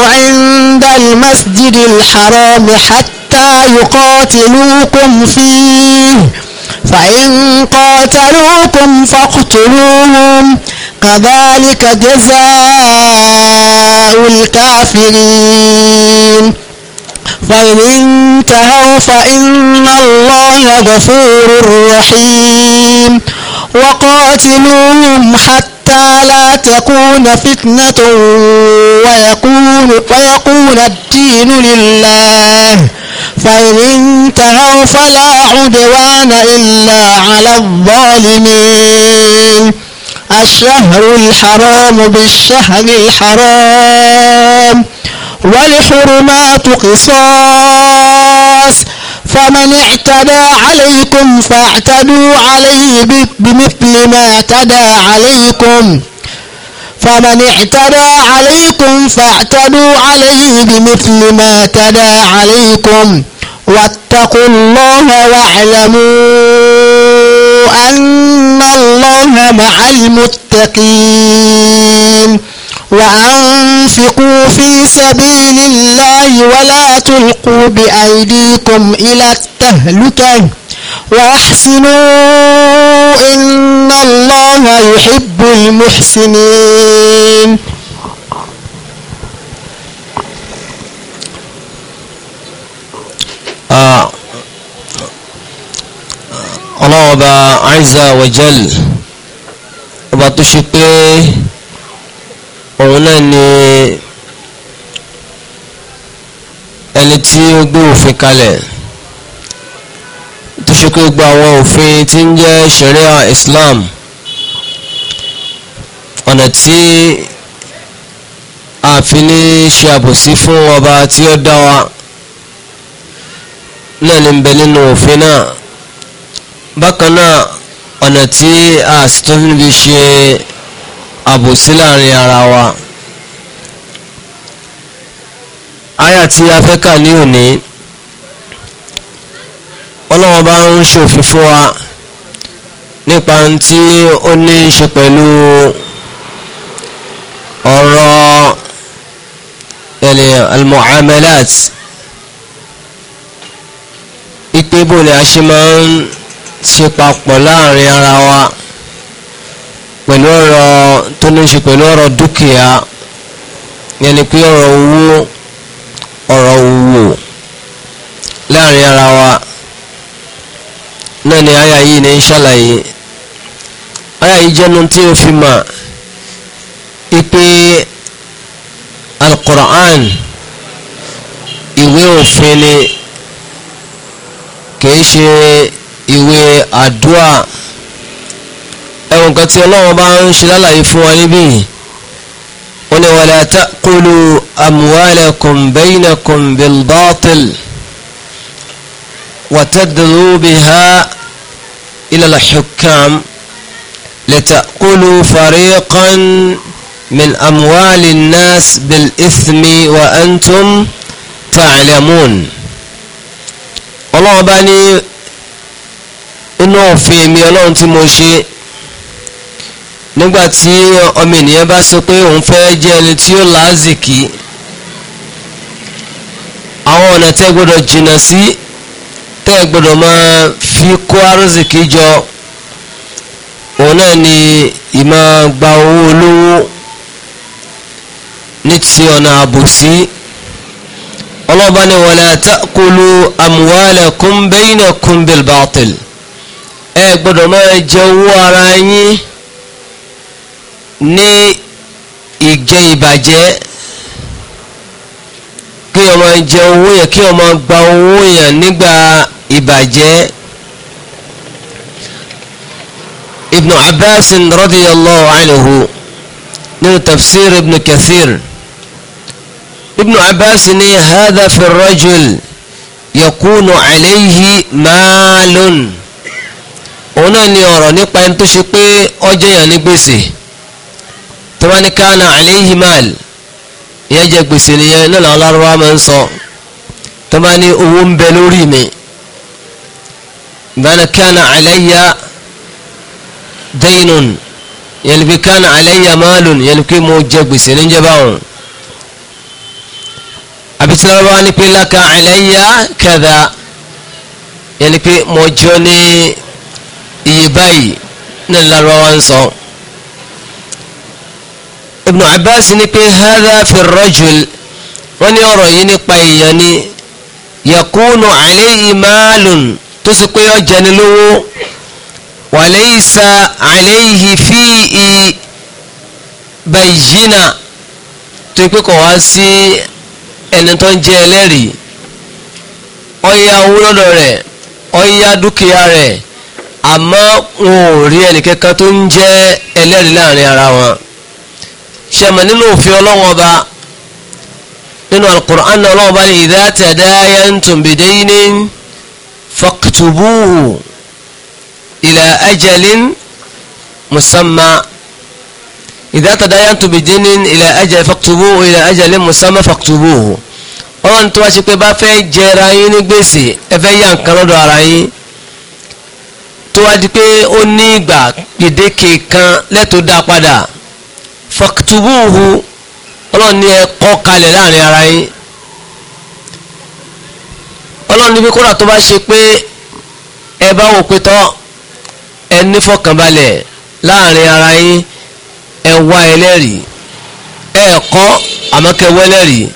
عند المسجد الحرام حتى يقاتلوكم فيه فإن قاتلوكم فاقتلوهم كذلك جزاء الكافرين فإن انتهوا فإن الله غفور رحيم وقاتلوهم حتى لا تكون فتنة ويكون, ويكون الدين لله فإن انتهوا فلا عدوان إلا على الظالمين الشهر الحرام بالشهر الحرام والحرمات قصاص فمن اعتدى عليكم فاعتدوا عليه بمثل ما اعتدى عليكم فمن اعتدى عليكم فاعتدوا عليه بمثل ما اعتدى عليكم واتقوا الله واعلموا أن الله مع المتقين وأنفقوا في سبيل الله ولا تلقوا بأيديكم إلى التهلكة وأحسنوا إن الله يحب المحسنين آه، الله عز وجل Jal òun náà ni ẹni tí ó gbé òfin kalẹ̀ tó ṣe pé gba àwọn òfin tí ń jẹ́ sharia islam ọ̀nà tí a fi ní ṣe àbòsí fún ọba tí ó dá wa náà ní bẹ nínú òfin náà bákan náà ọ̀nà tí a sì tún fi ṣe àbòsí láàrin ara wa àyà tí a fẹ́ kà ní òní ọlọ́wọ́n bá ń ṣòfin fún wa nípa ohun tí ó ní í ṣe pẹ̀lú ọ̀rọ̀ yẹlẹ almuamalat ipe bó ni a ṣe máa ń ṣe papọ̀ láàrin ara wa pẹ̀lú ọ̀rọ̀ tó ní ṣe pẹ̀lú ọ̀rọ̀ dúkìá yẹn ni pé ọ̀rọ̀ owó ọ̀rọ̀ òwò láàrin ara wa náà ni àyà yìí ní ṣàlàyé àyà yìí jẹ́nu tí o fi mà ipe al ìwé òfin ni kìí ṣe ìwé àdúrà. ẹwọn kan tí ọlọ́wọ́ bá ń ṣe lálàyé fún wa níbí wọ́n ní wala ta'kulu amwalakum baynakum bil batil wa tadlu biha ila al-hukam lita'kulu fariqan min amwali an-nas bil ithmi wa antum ta'lamun ọlọ́wọ́ bá ní inú òfin mi ọlọ́run tí mo ṣe. nígbàtí ọmọ ènìyàn bá sọ pé òun fẹ́ jẹ́ ẹni tí ó láàzìkì àwọn ọ̀nà tẹ́ gbọ́dọ̀ jìnnà sí tẹ́ gbọ́dọ̀ máa fi kó àrùzìkì jọ òun náà ni ìmọ̀ gba owó olówó ní ti ọ̀nà àbòsí ọlọ́ba ni wala ta'kulu amwalakum baynakum bil batil ẹ gbọ́dọ̀ máa jẹ owó ara yín ní ìjẹ ìbàjẹ́ kí ọmọ jẹ owó yẹn kí ọmọ gba owó yẹn nígbà ìbàjẹ́ ibnu abbas radiyallahu anhu nínú tafsir ibnu kathir ibnu abbas ní hadha fi rajul yakunu alayhi maalun òun náà ni ọ̀rọ̀ nípa ẹni tó ṣe pé ọjọ́ yẹn ní gbèsè tọ́wọ́ ní kánà àléhìí mal ìyẹn jẹ gbèsè nìyẹn náà làwọn lárúbáwá máa ń sọ tọ́wọ́ ní owó ń bẹ lórí mi bana kánà àléyà daynun yẹn bí kánà àléyà malun yẹn mo jẹ gbèsè níjẹ báwọn àbí tí lárúbáwá laka àléyà kẹdà yẹn mo jọ ní iye báyìí náà lárúbáwá ń sọ ibn abbas ní pé hadha fi rajul wọ́n ní ọ̀rọ̀ yìí nípa èèyàn ni yakunu alayhi maalun tó sì pé ọjà ni lówó wa laysa alayhi fihi bayyina tó pé kọ̀ wá sí ẹni tó ń jẹ ẹlẹ́rìí ó owó lọ́dọ̀ rẹ̀ ó dúkìá rẹ̀ àmọ́ wọn ò rí ẹnìkankan tó ń jẹ́ ẹlẹ́rìí láàrin ara wọn ṣẹ̀mọ̀ nínú òfin ọlọ́wọ́n ọba nínú alukur'an náà ọlọ́wọ́n ọba ní idha tadayantum bidaynin faktubuhu ila ajalin musamma idha tadayantum bidaynin ila ajalin faktubuhu ila ajalin musamma faktubuhu ọlọ́run tó wá sí pé bá fẹ́ jẹra yín ní gbèsè ẹ fẹ́ yá nǹkan lọ́dọ̀ ara yín tó wá di pé ó ní ìgbà gbèdéke kan lẹ́tọ̀ọ́ dá padà faktubuhu ọlọ́run ní ẹ kọ kalẹ̀ láàrin ara yín ọlọ́run níbi kódà tó bá ṣe pé ẹ bá wò pé tọ́ ẹ ní fọkànbalẹ̀ láàrin ara yín ẹ wá ẹlẹ́rìí ẹ kọ́ àmọ́ kẹ wá ẹlẹ́rìí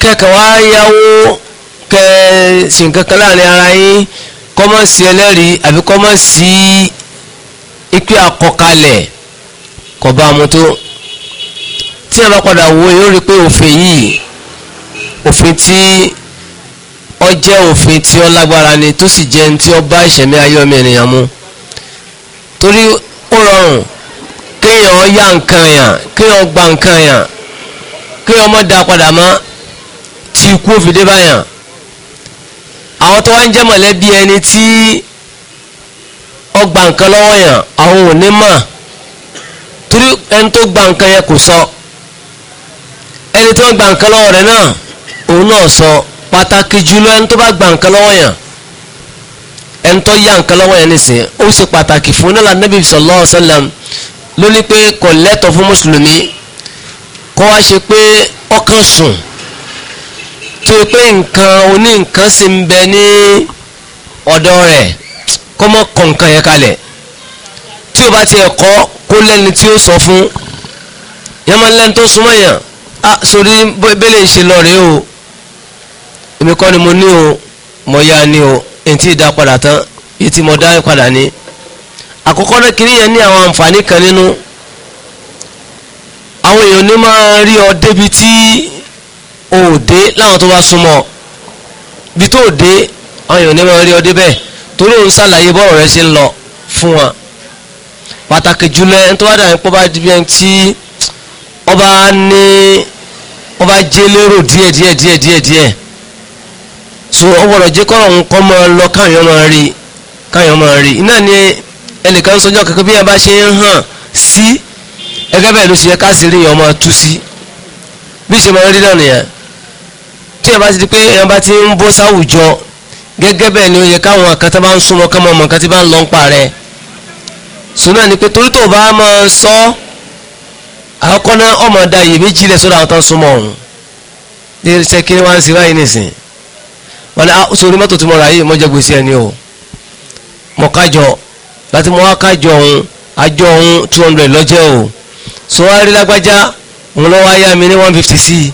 kẹ́kẹ́ wá yáwó kẹ́ sì ń láàrin ara yín kọ́mọ̀sí ẹlẹ́rìí àbí kọ́mọ̀sí ikú àkọkalẹ̀. Si kò bá mu tó tí ẹ bá padà wo yóò rí pé òfin yìí òfin tí ó jẹ́ òfin tí ó lágbára ni tó sì jẹ́ tí ó bá ìṣẹ̀mí ayé ọmọ ènìyàn mu torí ó rọrùn kéèyàn yá nǹkan yàn kéèyàn gba nǹkan yàn kéèyàn má dá padà mọ́ tí ikú òfin dé báyàn àwọn tó wá ń jẹ́ mọ̀lẹ́bí ẹni tí ó gba nǹkan lọ́wọ́ yàn àwọn ò ní mọ̀ torí ẹni tó gba nǹkan yẹn kò sọ ẹni tó gba nǹkan lọ́wọ́ rẹ̀ náà òun náà sọ pàtàkì jùlọ ẹni tó bá gba nǹkan lọ́wọ́ yẹn ẹni tó yá nǹkan lọ́wọ́ yẹn nìsín ó sì pàtàkì fún nílà Nabi sallallahu alaihi wasallam ló ní pé kò lẹ́tọ̀ fún mùsùlùmí kó wá ṣe pé ọkàn sùn tó yẹ pé nǹkan oní nǹkan sì ń bẹ ní ọ̀dọ̀ rẹ̀ kó mọ́ kọ̀ nǹkan yẹn kalẹ̀ tí o bá tiẹ̀ kọ́ kó lẹ́ni tí ó sọ fún yẹn máa ń lẹ́ni tó súnmọ́ yàn á sórí bẹ́lẹ̀ ń ṣe lọ rèé o èmi kọ́ ni mo ní o mo yá ni o èyí tí ì dá padà tán èyí mo dá padà ní àkọ́kọ́ náà kiri yẹn ní àwọn àǹfààní kan nínú àwọn èèyàn ní máa rí ọ débi tí o dé láwọn tó bá súnmọ́ bí tó dé àwọn èèyàn ní máa rí ọ débẹ̀ torí òun ṣàlàyé bọ́ọ̀rọ̀ rẹ ṣe ń lọ fún wọn pàtàkì jùlọ ẹni tó bá dà ní pọ́ bá di bí ẹni tí wọ́n bá ní wọ́n bá jẹ́ lérò díẹ̀ díẹ̀ díẹ̀ díẹ̀ díẹ̀ so ọ gbọ́dọ̀ jẹ́ kọ́ ọ̀hún kọ́ máa lọ káyọ̀ máa rí káyọ̀ máa rí iná ni ẹnìkan sọjọ́ kankan bí ẹ bá ṣe ń hàn sí ẹgẹ́ bẹ́ẹ̀ ló ṣe yẹ ká sì rí yẹn ọmọ tú sí bí ṣe máa rí náà nìyẹn tí ẹ bá ti di pé ẹ bá ti ń bọ́ sáwùjọ gẹ́gẹ́ bẹ́ẹ̀ ni ó yẹ káwọn kan bá ń súnmọ́ kọ́mọ ọmọ bá ń lọ ń pa sùnà ni pé torí tó bá máa sọ àkọ́kọ́ náà ọmọ da iyè méjì lẹ̀ sódà àwọn tán súnmọ́ ọ̀hún ní iṣẹ́ kí ni wọ́n ń ṣe báyìí nìsín wọn ni sori ah, mọ́tò tí mo rà yìí mo gbèsè ẹni o mo kájọ láti mo kájọ ọ̀hún àjọ ọ̀hún two hundred lọ́jẹ́ o so wá rí lágbájá òun lọ́wọ́ ayá mi ní one fifty c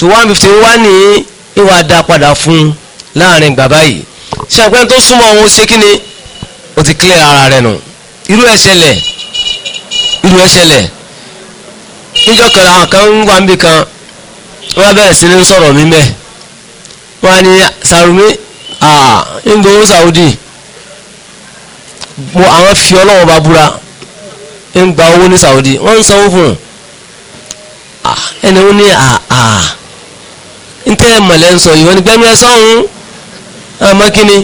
i one fifty wá ní ìwà dá padà fún un láàrin gbàbá yìí ṣàpẹ́ tó súnmọ́ òun ṣe kí ni o ti clear ara rẹ nù. No irú ẹ̀ ṣẹlẹ̀ irú ẹ̀ ṣẹlẹ̀ níjọ́ kan àwọn kan ń wá níbi kan wọ́n bẹ̀rẹ̀ sí ní sọ̀rọ̀ mi mẹ́ wọ́n á ní Sàrùmí ń gbowó Saudi mo àwọn fi ọlọ́wọ́ bá búra ń gba owó ní Saudi wọ́n ń sanwó fún un ẹni wọ́n ní ń tẹ́ mọ̀lẹ́ ń sọ ìwọ́n ní gbẹ́mí ẹ sọ́hún àmọ́ kí ni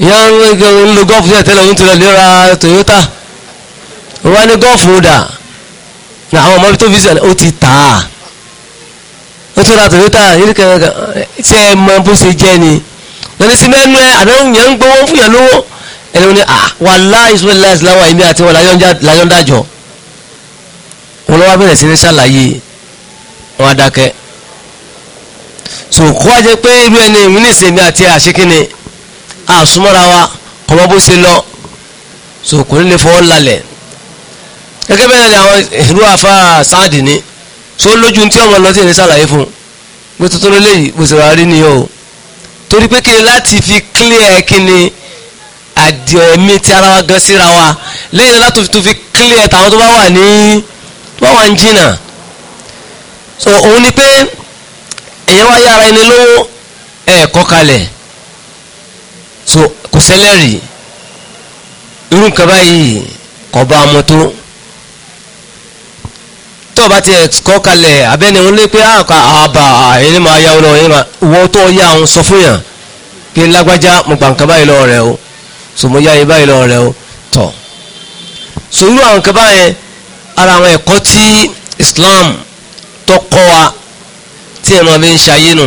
ìyá ń lo gọ́ọ̀fù díẹ̀ tẹ́lẹ̀ òun ti lọ lera Toyota wọ́n ní gọ́ọ̀fù dà ní àwọn ọmọ tó fi sẹ́lẹ̀ ó ti tà á ó ti ra Toyota yìí kẹ́kẹ́ ṣe é mọ bó ṣe jẹ́ ni wọ́n ní sí mẹ́nu ẹ̀ àdéhùn yẹn ń gbowó fún yẹn lówó ẹni wọ́n ní à ah, wà láìsí wọ́n láìsí láwọn àti wọn láyọ̀ dájọ́ wọn lọ́wọ́ bẹ̀rẹ̀ sí ní ṣàlàyé wọn adákẹ́ so kó wá jẹ pé irú ẹni ìwúnisẹ̀mí àti àṣekínni àsúmọ́ra wa kọ́mọ́ bó ṣe lọ so kò ní lè fọwọ́ lálẹ̀ gẹ́gẹ́ bẹ́ẹ̀ ni àwọn ìlú àfa sáàdì ni so lójú tí ọmọ lọ́tì ní sàlàyé fún pé tuntun lélẹ́yìí bó ṣe wà rí ni o torí pé kí ni láti fi clear kí ni àdìọ̀ ẹ̀mí ti ara wa gan síra wa lẹ́yìn láti fi clear tàwọn tó bá wà ní tó bá wà ń jìnnà so òun ni pé èyàn wá yára ẹni lówó ẹ̀ẹ́kọ́ kalẹ̀ so kò sẹ́lẹ̀rì irú nǹkan báyìí kò bá mu tó tó o bá ti kọ́ kalẹ̀ abẹ́ni wọn lé pé àkà àbà ẹni máa yá ọ lọ ẹni máa wọ́n tó yá ọ sọ fún yàn pé lágbájá mo gbà nǹkan báyìí lọ rẹ o so mo yá yín báyìí lọ rẹ o tọ̀ so irú àwọn nǹkan báyẹn ara àwọn ẹ̀kọ́ tí Islam tó kọ́ wa tí ẹ̀ràn mi ń ṣayé nù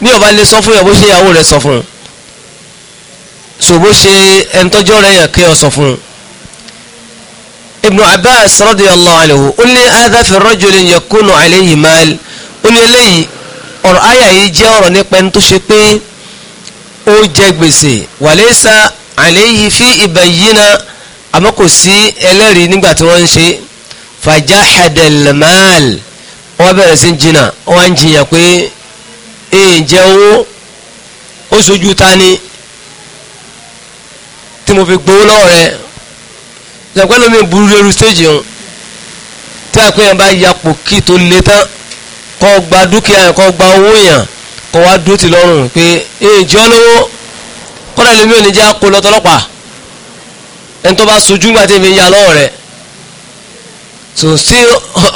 bí o lè sọ fún yàn bó ṣe ìyàwó rẹ sọ fún un so bó ṣe ẹni tọ́jọ́ rẹ̀ yàn kí ọ sọ fún un ibnu abbas radiyallahu anhu ó ní hadha fi rajulin yakunu alayhi mal ó ní eléyìí ọ̀rọ̀ àyà yìí jẹ́ ọ̀rọ̀ nípa ẹni tó ṣe pé ó jẹ gbèsè walaysa alayhi fi bayyina àmọ́ kò sí ẹlẹ́rìí nígbà tí wọ́n ń ṣe fajahada al wọ́n bẹ̀rẹ̀ sí jìnnà wọ́n ń jiyàn pé èèjẹ́ owó ó sojú ta ni mo fi gbowó lọ́wọ́ rẹ ṣàpẹ́ lómi burú lórí stéèjì hàn tí a pé yẹn bá yapò kí tó le tán kọ́ gba dúkìá yẹn kọ́ gba owó yẹn kọ́ wá dúró ti lọ́rùn pé èèjọ́ lówó kọ́dà lómi ò ní jẹ́ àkó lọ́tọ́lọ́pàá ẹni tó bá sojú gbà tèmi ya lọ́wọ́ rẹ̀ tò sí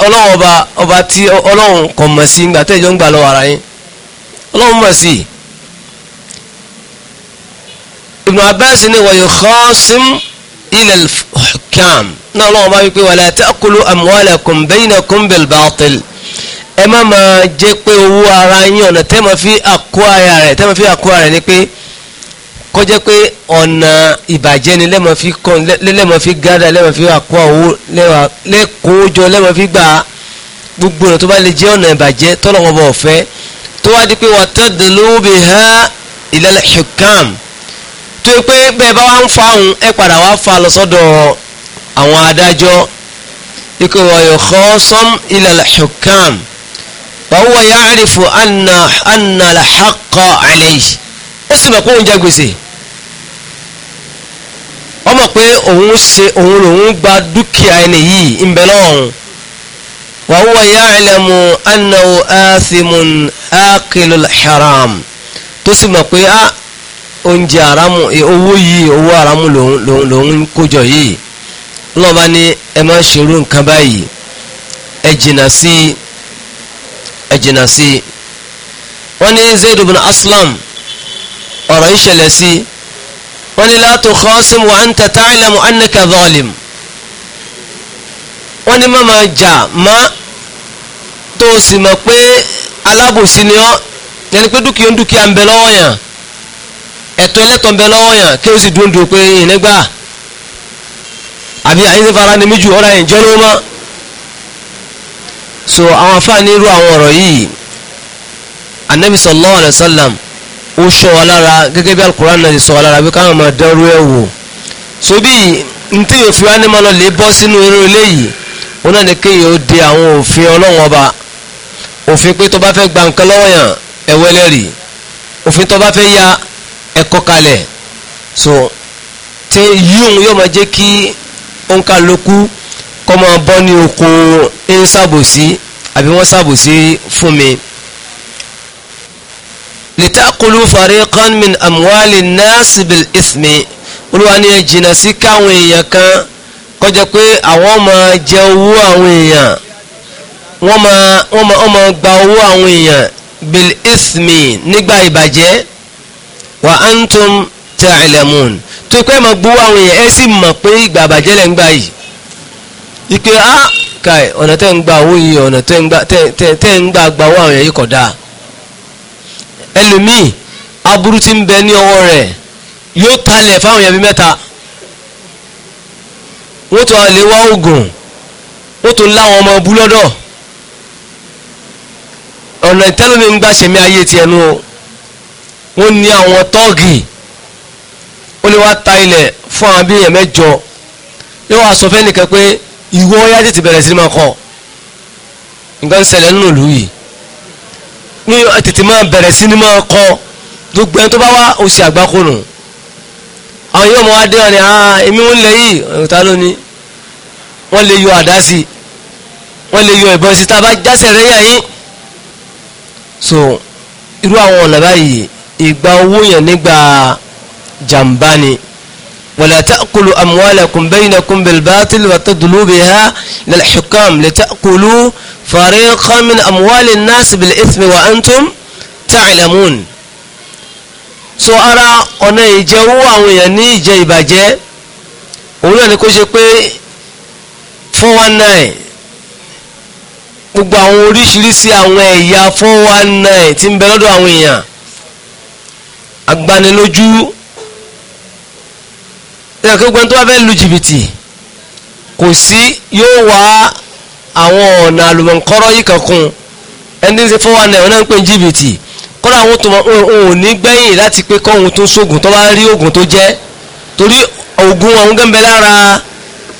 ọlọ́wọ́ ọba ọba tí ọlọ́run kọ̀ mọ̀ sí gbà tẹ́jọ́ ń gbà lọ́wọ́ ara yín ọlọ́run mọ̀ sí i. Ibn Abbas ni wọ́n yóò khasim ila al-hukam náà lọ́wọ́ bá wípé wala ta'kulu amwalakum baynakum bil batil ẹ má máa jẹ́ pé owó ara yín ọ̀nà tẹ́ máa fi àkó ara rẹ̀ tẹ́ máa fi àkó ara rẹ̀ ni pé kó jẹ́ pé ọ̀nà ìbàjẹ́ ni lẹ́mọ̀ fi kàn lẹ́mọ̀ fi gádà lẹ́mọ̀ fi àkó owó lẹ́kọ̀ọ́jọ lẹ́mọ̀ fi gbà gbogbo ọ̀nà tó bá lè jẹ́ ọ̀nà ìbàjẹ́ tọ́lọ̀ wọn bọ̀ tó wá di pé wa tadlu biha ila al-hukam tó pé bẹ́ẹ̀ bá wá ń fa òun ẹ padà wá fa lọ sọ́dọ̀ àwọn adájọ́ ikú wọ̀nyí khasam ila al-hukam wa huwa ya'rifu anna anna al-haqqa alayhi ó sì mọ̀ pé òun jẹ ọmọ pé òun ṣe òun lòun gba dúkìá ẹni yìí ń bẹ lọ́hùn wa huwa ya'lamu annahu athimun akilul haram tó sì mọ̀ pé ah oúnjẹ àrámù owó yìí owó àrámù lòun lòun kójọ yìí lọ́ba ní ẹ máa ń ṣerú nǹkan báyìí ẹ jìnnà sí ẹ jìnnà sí wọ́n ní Zayd ibn Aslam ọ̀rọ̀ yìí ṣẹlẹ̀ sí wọ́n ní la tukhasim wa anta ta'lamu annaka zalim wọ́n ní má máa jà má tó o sì mọ̀ pé alábòsí ni ọ́ yẹn pé dúkìá ń dúkìá ń bẹ lọ́wọ́ yẹn ẹ̀tọ́ ẹlẹ́tọ̀ ń bẹ lọ́wọ́ yàn kí o sì dúró dúró pé yìí nígbà àbí àyíṣe fara ni méjì ọ̀rọ̀ yìí jẹ́ mọ́ so àwọn afáàní irú àwọn ọ̀rọ̀ yìí anabi sallallahu alayhi wa sallam ó sọ wa lára gẹ́gẹ́ bí alukur'an náà ti sọ wa lára bí káwọn máa dẹ́rú ẹ̀ wò so bí ntí òfin wa ni mo lọ lè bọ́ sínú irú eléyìí wọn náà ní kéèyàn ó de àwọn òfin ọlọ́wọ́n ọba òfin pé tó bá fẹ́ gba lọ́wọ́ yàn ẹ̀wọ́ òfin tó bá fẹ́ ya ẹ̀kọ́ kalẹ̀ so tí yíyún yóò máa jẹ́ kí òǹkàlókù kọ́ máa bọ́ ní oko ń ṣàbòsí àbí wọ́n ṣàbòsí fún mi. litakulu fariqan min amwali nas bil ismi olúwa ni ẹ jìnnà sí káwọn èèyàn kan kọjá pé àwọn máa jẹ owó àwọn èèyàn wọ́n máa gba owó àwọn èèyàn bil ismi nígbà ìbàjẹ́ wa antum ta'lamun tó pẹ́ mọ̀ gbowó àwọn èèyàn ẹ sì mọ̀ pé ìgbà àbàjẹ́ lẹ́ ń gbà yìí ìpè á kai ọ̀nà tẹ́ ń gba owó yìí ọ̀nà tẹ́ ń gba gba owó àwọn èèyàn yìí kọ̀ dáa ẹlòmíì aburú ti ń bẹ ní ọwọ́ rẹ̀ yóò talẹ̀ fáwọn èèyàn bíi mẹ́ta wọ́n tún lè wá oògùn wọ́n tún láwọn ọmọ bú lọ́dọ̀ ọ̀nà ìtẹ́lómi ń gbà ṣẹ̀mí ayé tiẹ̀ nù o wọ́n ní àwọn tọ́ọ̀gì ó lè wá ta ilẹ̀ fún àwọn bí mẹ́jọ yóò wá sọ fẹ́ nìkan pé ìwọ ya tètè bẹ̀rẹ̀ sí máa kọ́ nǹkan ń ṣẹlẹ̀ nínú ìlú yìí ní tètè máa bẹ̀rẹ̀ sí ní kọ́ gbogbo ẹni tó bá wá oṣù àgbákòrò àwọn yóò mọ wá dé ọ̀rẹ́ èmi wọn lè yìí ọ̀tá lónìí wọ́n lè yọ àdá i wọ́n lè yọ ìbọn sí i tá a bá jásẹ̀ rẹ̀ yín so irú àwọn ọ̀nà báyìí ìgbà owó yẹn nígbà jàmbá ni wala ta'kulu amwalakum baynakum bil batil wa tadlu biha lil hukam li ta'kulu fariqan min amwali an-nas bil ithmi wa antum ta'lamun so ara ọ̀nà ìjẹ owó àwọn èèyàn ní ìjẹ ìbàjẹ́ òun náà ni kó ṣe pé 419 gbogbo àwọn oríṣiríṣi àwọn ẹ̀yà 419 tí ń bẹ lọ́dọ̀ àwọn èèyàn agbanilójú ẹ̀yà kéwọ́n tó bá fẹ́ lu jìbìtì kò sí yóò wá àwọn ọ̀nà àlùmọ̀ǹkọ́rọ́ yìí kankan ẹni tí ń ṣe fọwọ́ náà ọ̀nà ń pè jìbìtì kọ́lá àwọn tó ò ní gbẹ̀yìn láti pé kọ́ ohun tó ṣoògùn tó bá rí oògùn tó jẹ́ torí oògùn ọ̀hún gẹ́gẹ́ lára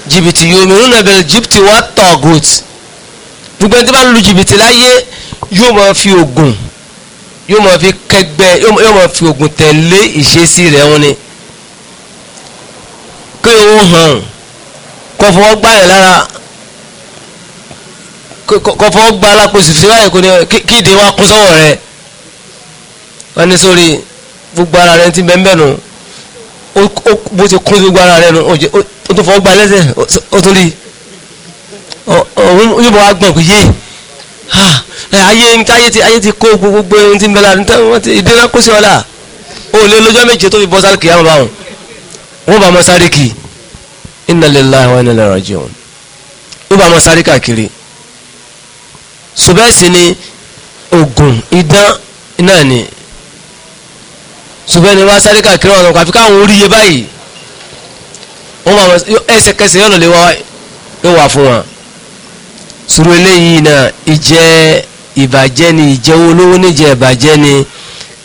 jìbìtì yu'minuna bil jibti wa tagut gbogbo ẹni tí bá lu jìbìtì láyé yóò máa fi oògùn yóò máa fi kẹgbẹ́ yóò máa fi oògùn tẹ̀lé ìṣesí rẹ̀ wọn ni kí ó hàn kó fọwọ́ gbá yẹn lára kó fọwọ́ gbá alákòóso sí báyìí kò ní kíde wá kún sọ́wọ́ rẹ̀ wọ́n ní sórí gbogbo ara rẹ̀ ti bẹ́ẹ̀ nù bó ti kún sí gbogbo ara rẹ̀ nù ó tó fọwọ́ gbá lẹ́sẹ̀ ó tó rí yóò bọ̀ wá gbọ̀n kò yé. Ah, ayé ayé ti ayé ti kó gbogbo ohun tí ń bẹ lára wọn ti ìdíná kó sí ọlá o lè lọ́jọ́ méje tó fi bọ́ sáré kìí àwọn báwọn wọn bá wọn sáré kìí inna lillahi wa inna ilaihi raji'un wọn bá wọn sáré káàkiri sùbẹ́sì ni ogun idán náà ni sùbẹ́ni wọn sáré káàkiri wọn kàfi káwọn oríye báyìí wọn bá wọn ẹsẹ̀kẹsẹ̀ yọ̀nà lè wá yóò wà fún wọn sùrù eléyìí náà ìjẹ́ ìbàjẹ́ ni ìjẹ́ olówó níjẹ́ ìbàjẹ́ ni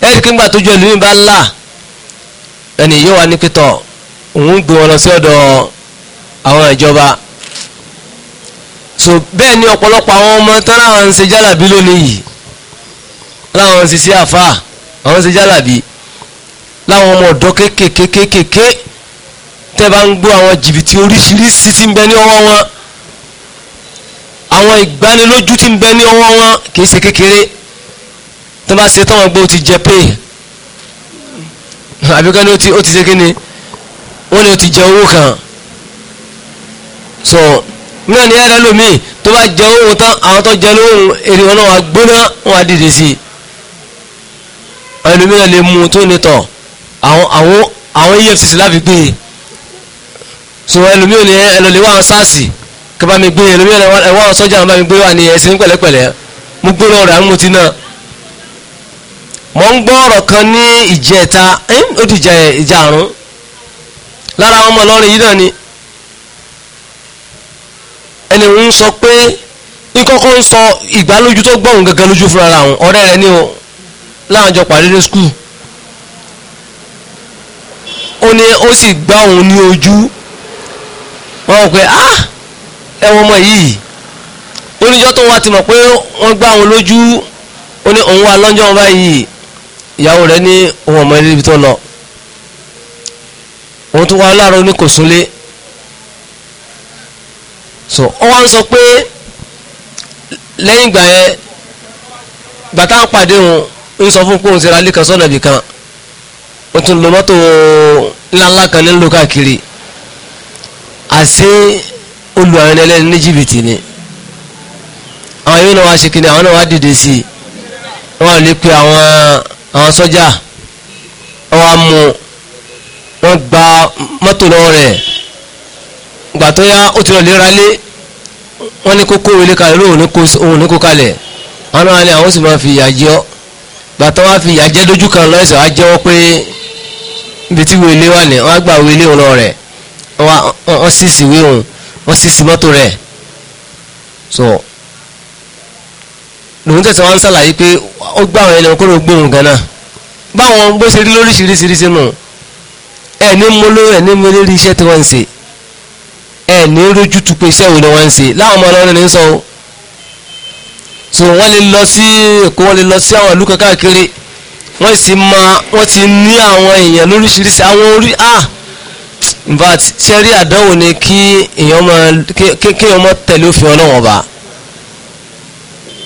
ẹ̀rí kí n gbà tójú ẹlòmíì bá là ẹni yóò wá ní pẹ́tọ̀ òun gbé wọn lọ sí ọ̀dọ̀ àwọn ìjọba so bẹ́ẹ̀ ni ọ̀pọ̀lọpọ̀ àwọn ọmọ tán láwọn ń ṣe jálàbí lónìí yìí láwọn ń ṣe sí àfáà àwọn ń ṣe jálàbí láwọn ọmọ ọ̀dọ́ kékèké kékèké tẹ́ bá ń gbọ́ àwọn jìbìtì oríṣiríṣi tí ń bẹ ní ọwọ́ wọn àwọn ìgbanilójú tí ń bẹ ní ọwọ́ wọn kìí ṣe kékeré tó bá ṣe tọ́wọ́n gbé ó ti jẹ pé àbíkọ́ ni ó ti ṣe kí wọ́n ni ó ti jẹ owó kan so náà ni ẹ̀rẹ́ lómi tó bá jẹ owó tán àwọn tó jẹ lóhùn èrè wọn náà wà gbóná wọn á dìde sí i àwọn ẹlòmí lè mú tó ní tọ̀ àwọn àwọn àwọn EFCC láfi gbé e so ẹlòmí ni, ní ẹ lọ lè wá àwọn SARS kí bá mi gbé yẹn lórí ẹ wá sọ́jà bá mi gbé wà ní ẹsẹ̀ ní pẹ̀lẹ́pẹ̀lẹ́ mo gbé lọ́wọ́ rẹ̀ àmúti náà mo ń gbọ́ ọ̀rọ̀ kan ní ìjẹta ẹ́ ó ti jẹ ìjà àrùn lára àwọn ọmọ ọlọ́rin yìí náà ni ẹni ń sọ pé ikọ́kọ́ ń sọ ìgbàlójú tó gbọ́ òun gẹ́gẹ́ lójú fúnra àwọn ọ̀rẹ́ rẹ̀ ní o láwọn jọ pàdé ní skul ó ní ó sì gbá òun ní ojú wọ́n wọ́n pé ah ẹwọ ọmọ yìí oníjọ́ tó wá ti mọ̀ pé wọ́n gbá òun lójú ó ní òun wà lọ́jọ́ wọn báyìí ìyàwó rẹ̀ ní òun ọmọ ilé ibi tó lọ òun tó wá láàárọ̀ ní kò súnlé so ọ wá ń sọ pé lẹ́yìn ìgbà yẹn gbàtà ń pàdé òun ń sọ fún pé òun ti ra ilé sọ́nà ibì kan ó tún lo mọ́tò ńláńlá kan nílò káàkiri àṣé ó lu àwọn ẹlẹ́ni ní jìbìtì ni àwọn yóò náà wá ṣe kíni àwọn náà wá dìde sí i wọ́n lè pe àwọn àwọn sọ́jà wọ́n á mú wọ́n gba mọ́tò lọ́wọ́ rẹ̀ gbà tó yá ó ti lọ léra lé wọ́n ní kó kó wọlé kalẹ̀ lóhùn ní kó kalẹ̀ àwọn náà ni àwọn sì máa fi ìyà jẹ ọ́ gbà tó wá fi ìyà jẹ lójú kan lọ́wọ́ wá jẹ́ wọ́n pé ibi tí wọlé wà ní wọ́n á gbà wọlé òun lọ rẹ̀ wọ́n sì sì wé òun wọ́n sì sí mọ́tò rẹ̀ so lòun tẹ̀sán wọn ṣàlàyé pé ó gbà wọn ẹni kóró gbóhùn gan náà báwọn bó ṣe rí lóríṣiríṣiríṣi nù ẹ ní mú ló ẹ ní mú lérí iṣẹ́ tí wọ́n ń ṣe ẹ ní rójú tu pé iṣẹ́ wo wọ́n ń ṣe láwọn ọmọ ọlọ́run ní sọ o so wọ́n lè lọ sí èkó wọ́n lè lọ sí àwọn ìlú kankan kiri wọ́n sì máa wọ́n ti ní àwọn èèyàn lóríṣiríṣi àwọn orí ah but sẹ́rí àdánwò ni kí èèyàn mọ tẹ̀lé òfin ọlọ́run ọba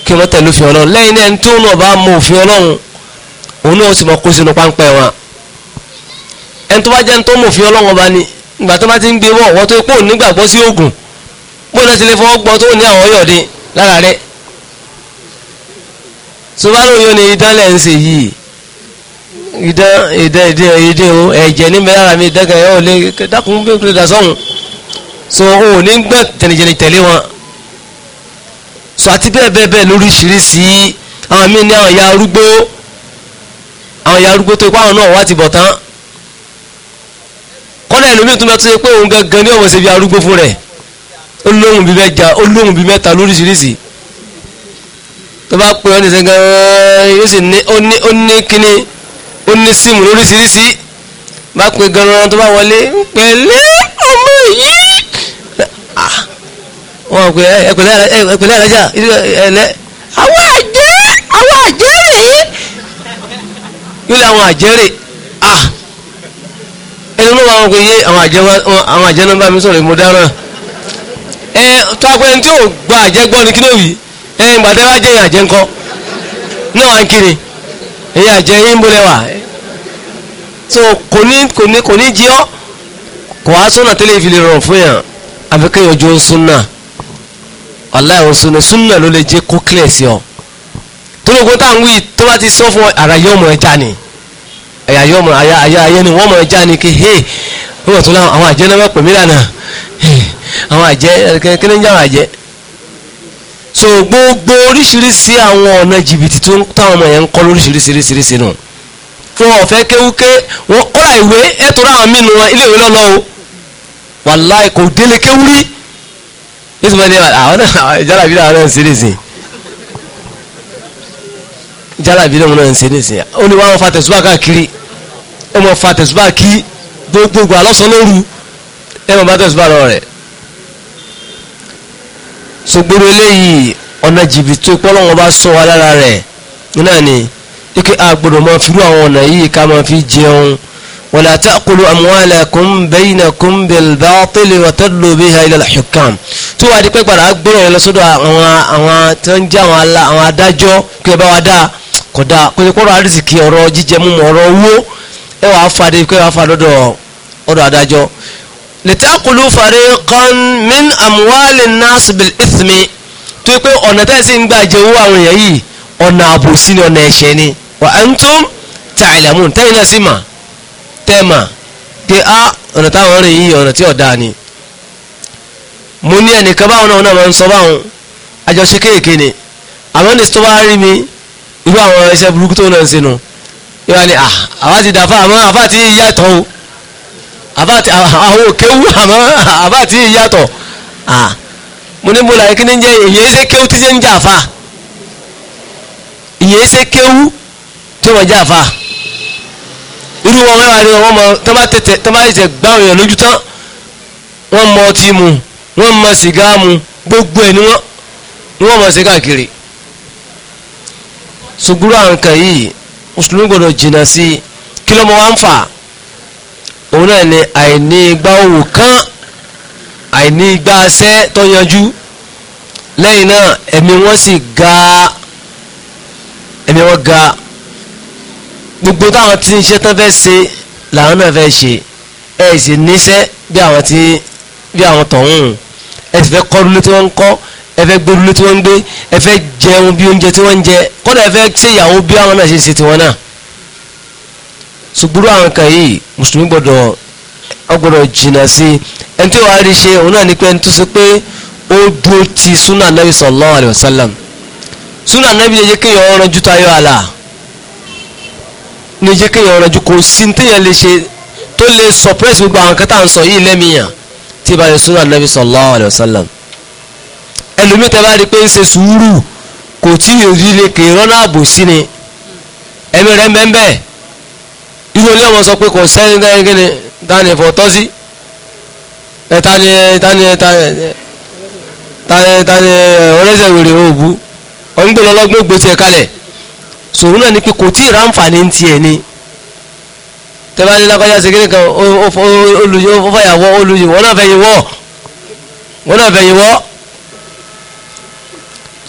kí wọ́n tẹ̀lé òfin ọlọ́run lẹ́yìn náà ẹni tó náà bá mọ òfin ọlọ́run òun náà sì mọ kó sínú páńpẹ́ wọn ẹni tó bá jẹ́ ẹni tó mọ òfin ọlọ́run ọba ni ìgbà tó bá ti ń gbé wọ́n wọ́n tó kó nígbàgbọ́ sí oògùn bó náà ti lè fọwọ́ gbọ́ tó ní àwọn ọyọ̀dẹ lára rẹ̀ tó bá lóyún ni ìdánlẹ̀ ń ṣe yìí ìdán ìdán ìdán ìdí o ẹ̀jẹ̀ níbẹ̀ lára mi ìdán kan ẹ̀ ọ́ lé dákun bí kúlẹ̀ dà sọ́hùn so o ò ní gbẹ́ tẹ̀lẹ̀jẹ̀lẹ̀ tẹ̀lé wọn so àti bẹ́ẹ̀ bẹ́ẹ̀ bẹ́ẹ̀ lóríṣiríṣi àwọn míì ní àwọn ìyá arúgbó àwọn ìyá arúgbó tó ipá àwọn náà wá ti bọ̀ tán kọ́dà ẹlòmíì tó bá tó ṣe pé òun gangan ní ọ̀wọ́ ṣe bí arúgbó fún rẹ̀ ó lóhùn bí mẹ́ta ó lóhùn bí mẹ́ta lóríṣiríṣi tó bá pè ọ́ nìṣẹ́ gan-an yóò sì ní ó ní kíní ó ní síìmù lóríṣiríṣi bá pe ganan tó bá wọlé pẹ̀lẹ́ ọmọ yìí wọn pe ẹ pẹ̀lẹ́ ẹ pẹ̀lẹ́ alájà ẹlẹ àwọn àjẹ àwọn àjẹrè yìí àwọn àjẹrè ah ẹni ló wà wọn pe yé àwọn àjẹ àwọn àjẹ náà bá mi sọ̀rọ̀ mo dáràn ẹ tó a pé ẹni tí ò gba àjẹ gbọ́ ni kí ló wì ẹ ìgbàdéwájẹ yẹn àjẹ ńkọ náà wà ń kiri ẹ̀yà jẹ́ yín bólẹ̀ wà so kò ní kò ní kò ní jí ọ́ kò wá súnà tẹ́lẹ̀ ìfìlè rọ̀ fún yàn àfi kéèyàn jó súnà aláìwọ̀n súnà súnà ló lè jẹ́ kó clear sí ọ tólógún tá à ń wí tó bá ti sọ fún ara yóò mọ ẹja ni ẹ̀yà yóò mọ aya aya ayé ni wọ́n mọ ẹja ni ké hey wọ́n tó láwọn àwọn àjẹ́ náà bá pè mí lánàá àwọn àjẹ́ kí ni ń jẹ́ àwọn àjẹ́ so gbogbo oríṣiríṣi àwọn ọ̀nà jìbìtì tó táwọn ọmọ yẹn ń kọ́ lóríṣiríṣiríṣi nù wọn ò fẹ́ kéwúké wọn kọ́ra ìwé ẹ̀tọ́ ra àwọn mínú wọn ilé ìwé lọ́lọ́ o wàláì kò délé kéwúrí yíṣu mọ́ ní àwọn náà jálàbí náà náà ń ṣe nìsín jálàbí náà náà ń ṣe nìsín ó ní wọn fa tẹ̀sùbà káàkiri ó fa tẹ̀sùbà kí gbogbogbò àlọ́sọ lóru ẹ̀ sogboro eléyìí ọ̀nà jìbìtì pọ́lọ́wọ́n bá sọ wa lára rẹ̀ náà ni ike agbọ́dọ̀ máa fi rú àwọn ọ̀nà yìí ká máa fi jẹun wala ta'kulu amwalakum baynakum bil batili wa tadlu biha ila al-hukam tó wà á di pé padà gbọ́dọ̀ yẹn lọ sọ́dọ̀ àwọn àwọn tó ń jẹ́ àwọn adájọ́ pé bá wa dá kódà kó ṣe kọ́rọ̀ àrísìkì ọ̀rọ̀ jíjẹ mímu ọ̀rọ̀ owó ẹ wàá fa de pé wàá fa lọ́dọ̀ ọ̀dọ̀ adájọ́ litakulu fariqan min amuwaali nas bil ithmi tó pé ọ̀nà tẹ́ sí ń gbà jẹ àwọn èèyàn yìí ọ̀nà àbòsí ni ọ̀nà ẹ̀ṣẹ̀ ni wa antum ta'lamun tẹ́yìn náà sì mà tẹ́ mà pé á ọ̀nà táwọn rìn yìí ọ̀nà tí ọ̀dà ni. mo ní ẹnìkan báwọn náà náà máa ń sọ báwọn àjọṣe kéèké ni àmọ́ ní sọ́wọ́ rí mi irú àwọn iṣẹ́ burúkú tó náà ń sinú ìwà ni àwa ti dàfa ti yàtọ̀ àbáti àwọn òkéwú àmọ́ àbáti ìyàtọ̀ mo ní mo là kí ni jẹ́ ìyẹn ṣe kéwú tí ṣe ń jà fa ìyẹn ṣe kéwú tí wọ́n jà fa irú wọn mẹ́wàá ni wọ́n mọ tó bá tètè tó bá ṣe gbá òyìn lójú tán wọ́n mọ ọtí mu wọ́n mọ sìgá mu gbogbo ẹ̀ ni wọ́n ni wọ́n mọ ṣe káàkiri ṣùgbọ́n àǹkà yìí mùsùlùmí gbọ́dọ̀ jìnnà sí kí ló ń fà òun náà ni àìní igbá òwò kan àìní igbá aṣẹ́ tó yanjú lẹ́yìn náà ẹ̀mí wọn sì ga ẹ̀mí wọn ga gbogbo táwọn tí ń ṣe tán fẹ́ ṣe làwọn náà fẹ́ ṣe ẹ̀ sì níṣẹ́ bí àwọn tí bí àwọn tọ̀hún ẹ sì fẹ́ kọ́rú lé tí wọ́n ń kọ́ ẹ fẹ́ gbèrú lé tí wọ́n ń gbé ẹ fẹ́ jẹun bí oúnjẹ tí wọ́n ń jẹ kódà ẹ fẹ́ ṣèyàwó bí àwọn náà ṣe ṣe tiwọn náà ṣùgbúrú àwọn kan yìí mùsùlùmí gbọ́dọ̀ ọgbọ́dọ̀ jìnnà sí i ẹni tí wàá rí ṣe òun náà ní pé ẹni tó ṣe pé ó dúró ti súnà nàbì sallallahu alaihi wasallam súnà nàbì lè jẹ́ kéèyàn ọ̀rọ̀ ju tayọ àlà ní jẹ́ kéèyàn ọ̀rọ̀ ju kò sí ní téèyàn lè ṣe tó lè suppress gbogbo àwọn kan ń sọ yìí lẹ́mìíyàn tí ìbáyọ̀ súnà nàbì sallallahu alaihi wasallam ẹlòmíì tẹ́ bá rí pé ń ṣe sùúrù kò tí ì rí lè kéèrán náà bò sí ni ẹ̀mí rẹ̀ ń bẹ́ẹ̀ bẹ́ẹ̀ inú ilé wọn sọ pé kò sẹ́ni dání kíni dání ẹ̀fọ́ tọ́sí ẹ̀ta ni ẹ̀ta ni ẹ̀ta ẹ̀ta ni ọlẹ́sẹ̀ wèrè òbu ọ̀ngbọ̀n ọlọ́gbọ̀n gbèsè ẹ̀ kalẹ̀ sòwò náà ni pé kò tí ì ráǹfààní ń tiẹ̀ ni tẹ́lá ní lákọ́jà sí kíni kan olùyẹ̀wọ́ olùyẹ̀wọ́ náà fẹ́ yẹwọ́ wọ́n náà fẹ́ yẹwọ́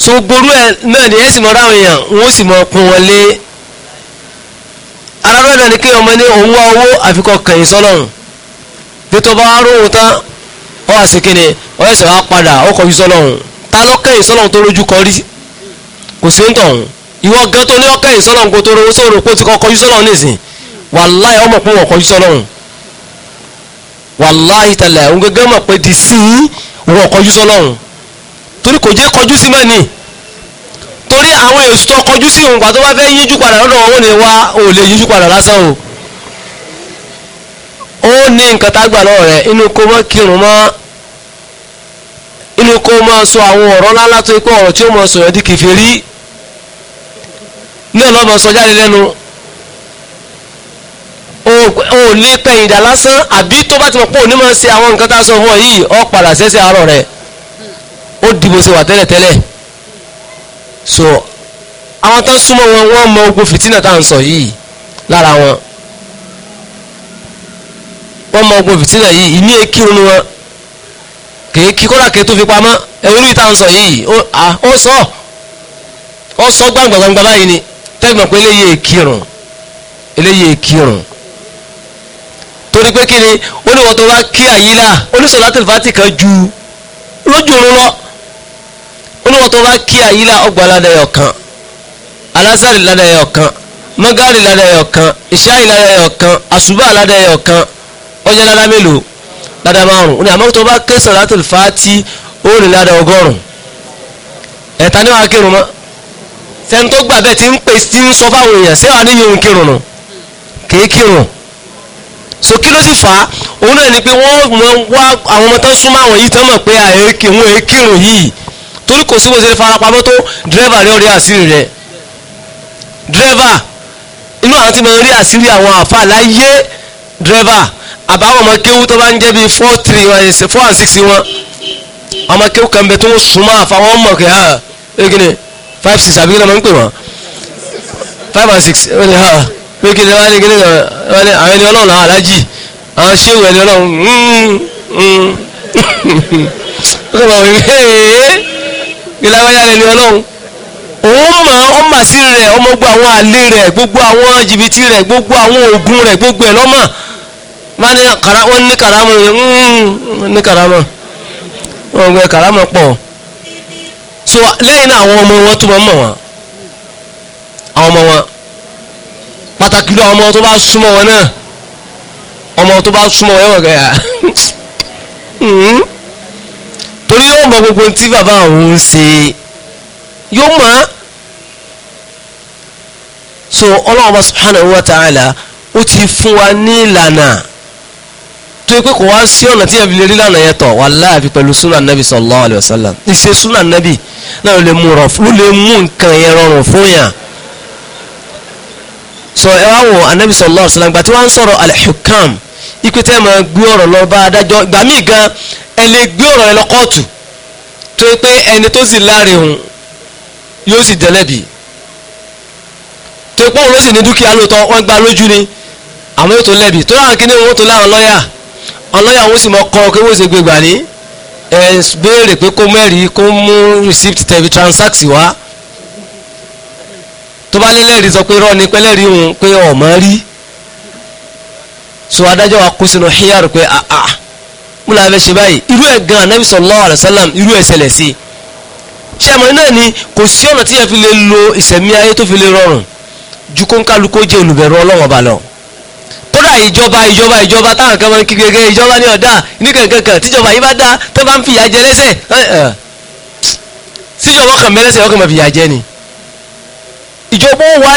so gbòòrò ẹ̀ náà ni ẹ̀ sì mọ̀ ráwọn èèyàn wọ́n sì mọ̀ kún wọn lé náà ni kí ọmọ ní òun wá owó àfikọ́ kẹ̀yìn sọ́lọ́run bí tó bá róhun tán ọ wá sí kíni ọ ẹsẹ̀ wá padà ó kọjú sọ́lọ́run ta ló kẹ̀yìn sọ́lọ́run tó lójú kọ rí kò sí ń tọ̀hún ìwọ gan tó ní ọ kẹ̀yìn sọ́lọ́run kò tó rówó sóòrò pé ó ti kọ́ kọjú sọ́lọ́run nísìn wàláì ọmọ pé wọ́n kọjú sọ́lọ́run wàláì tẹ̀lẹ̀ òun gẹ́gẹ́ mọ̀ pé di sí wọ́n kọjú sọ́lọ́run torí kò jẹ́ kọjú sí mẹ́ni torí àwọn èsù tó kọjú sí òun tó bá fẹ́ yíjú padà lọ́dọ̀ owó ni wá ò lè yíjú padà lásán o ó ní nǹkan tá gbà lọ́wọ́ rẹ̀ inú kó mọ́ kírun mọ́ inú kó mọ́ sọ àwọn ọ̀rọ̀ ńláńlá tó ikú ọ̀rọ̀ tí ó ní ọlọ́mọ sọ o lè sọ so àwọn tó súnmọ́ wọn wọ́n mọ ogun fìtínà tá à ń sọ yìí lára wọn wọ́n mọ ogun fìtínà yìí ìní ekirun wọn kèé kí kódà kèé tó fi pamọ́ ẹ̀wọ́n yìí tá à ń sọ yìí ó sọ ó sọ gbàngbàngbà báyìí ni tẹ́gbọ̀n pé eléyìí ekirun eléyìí ekirun torí pé kí ni ó tó bá kí àyílá oníṣòlá tẹlifásitì kan ju lójú òun lọ olówó tó bá kí àyílá ọgbà ládàáyọ̀ kan alásàrì ládàáyọ̀ kan mọ́gàrì ládàáyọ̀ kan ìṣáì ládàáyọ̀ kan àṣùbà ládàáyọ̀ kan ọjà ládàá mélòó ládàá márùn ún ní àmọ́ tó bá ké sọ̀rọ̀tòlù fàátì ó rìn ládàá ọgọ́rùn ẹ̀ta ní wàá kírun mọ́ sẹ́ni tó gbà bẹ́ẹ̀ ti ń pè tí ń sọ fáwọn èèyàn sí àwọn níyìí kírun nù kìí kírun so kí ló sì fà á òun náà ni pé wọ́n wá àwọn ọmọ tán súnmọ́ àwọn yìí tán mọ̀ pé àyè kírun yìí torí kò sí bó ṣe lè farapamọ́ tó dírẹ́fà rẹ̀ rí àṣírí rẹ̀ dírẹ́fà inú àwọn tí mo rí àṣírí àwọn àfa láyé dírẹ́fà àbáwọn ọmọ kéwú tó bá ń jẹ́ bíi four three four and six wọn ọmọ kéwú kan bẹ tó ń súnmọ́ àfa wọn mọ̀ kẹ́ hàn egini five six àbí kíni ọmọ ń pè wọ́n five and six wọ́n ni hàn pé kíni wọ́n ní kíni wọ́n ní àwọn ẹni ọlọ́run àwọn alájì àwọn ṣéwù ẹni ọlọ́run hmm, hmm. ó kọ́ bọ̀ wọ́n ní ìlàgbáyà rẹ̀ ni ọlọ́run òun mọ̀ ọmọ sí rẹ̀ ọmọ gbogbo àwọn àlè rẹ̀ gbogbo àwọn jìbìtì rẹ̀ gbogbo àwọn oògùn rẹ̀ gbogbo ẹ̀ lọ́mọ̀ wọ́n ní kàrámù hmm, ní kàrámù wọ́n gbé kàrámù pọ̀ so lẹ́yìn náà àwọn ọmọ wọn tó mọ̀ mọ̀ wọn àwọn ọmọ wọn pàtàkì lọ ọmọ tó bá súnmọ́ wọn náà ọmọ tó bá súnmọ́ wọn ẹ̀wọ̀n gẹ̀yà torí yóò mọ gbogbo tí bàbá òun ń ṣe yóò mọ̀ so Allah subhanahu wa ta'ala ó ti fún wa ní ìlànà tó yẹ pé kò wá sí ọ̀nà tí ẹ̀bí lè rí lànà yẹn tọ̀ wallahi àfi pẹ̀lú súnà nàbì sallallahu alayhi ìṣe súnà nàbì náà ló lè mú nǹkan yẹn rọrùn fún yàn so ẹ wá wọ anabi sallallahu alayhi wa gbàtí wọ́n ń sọ̀rọ̀ al-hukam ipe tẹ́ máa gbé ọ̀rọ̀ lọ bá adájọ́ ìgbà míì gan ẹ lè gbé ọ̀rọ̀ rẹ lọ kóòtù tó yẹ pé ẹni tó sì láre òun yóò sì jẹ̀lẹ́bi tó yẹ pé òun ló sì ní dúkìá lóòótọ́ wọ́n gba lójú ni àwọn yóò tó lẹ́bi tó láwọn kíní wọn tó láwọn lọ́yà ọlọ́yà wọn sì mọ kọ́ pé wọ́n ṣe gbé gbà ní ẹ béèrè pé kó mẹ́rìí kó mú receipt tẹ̀bi transact wá tó bá lẹ́lẹ́rìí sọ pé rọ́ọ̀ ni pẹ́lẹ́rìí òun pé ọ̀mọ́ rí so adájọ́ wa kó sínú hiyar pé àà mo na fẹ́ ṣe báyìí irú ẹ̀ gan anabi sallallahu alayhi wa sallam irú ẹ̀ ṣẹlẹ̀ sí i ṣé àmọ́ náà ni kò sí ọ̀nà tí yẹn fi lè lo ìsẹ̀mí ayé tó fi lè rọrùn ju kó ń kálukó jẹ́ olùbẹ̀rù Ọlọ́run Ọba lọ kódà ìjọba ìjọba ìjọba táwọn kan máa ń kí gẹ́gẹ́ ìjọba ní ọ̀dà níkankankan tíjọba yìí bá dá tó bá ń fìyà jẹ lẹ́sẹ̀ síjọba ọkàn mẹ́lẹ́sẹ̀ ọkàn máa fìyà jẹ ni ìjọba ó wá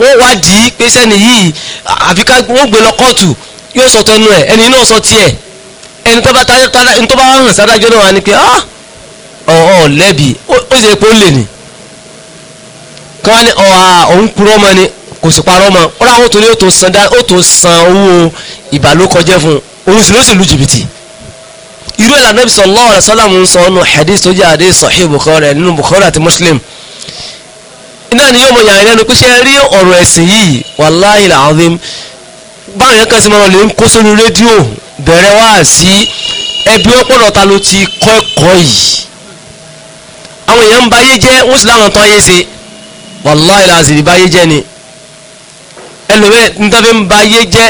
wọ́n wádìí pé sẹ́ni yìí àbí ká wọ́n gbé lọ kóòtù yóò sọ tẹnu ẹ̀ ẹni náà sọ tiẹ̀ ẹni tó bá hàn sádájọ́ náà wà ní pé ah, ọ̀ lẹ́bi ó sì pé ó lè ní kí wọ́n ní òun purọ́ mọ́ ni kò sì parọ́ mọ́ ó ráwọ́ torí ó tó san owó ìbàlókọjẹ́ fún un òun sì ló sì lu jìbìtì irú ẹ̀ lànà Ànábì sallallahu alaihi wasallam ń sọ ọ́nà hadith tó jẹ́ hadith Sahih Bukhari nínú Bukhari àti Muslim naanị ni mọ yàrá lẹ́nu pé ṣe rí ọ̀rọ̀ ẹ̀sìn yìí wàláhì làwọn báwọn yẹn kàn sí lè ń kó sórí rédíò bẹ̀rẹ̀ wá sí ẹbí ọpọlọ ta ló ti kọ́ ẹ̀kọ́ yìí àwọn èèyàn ń jẹ́ wọ́n sì láwọn ayé ni ẹlòmíràn fi ń jẹ́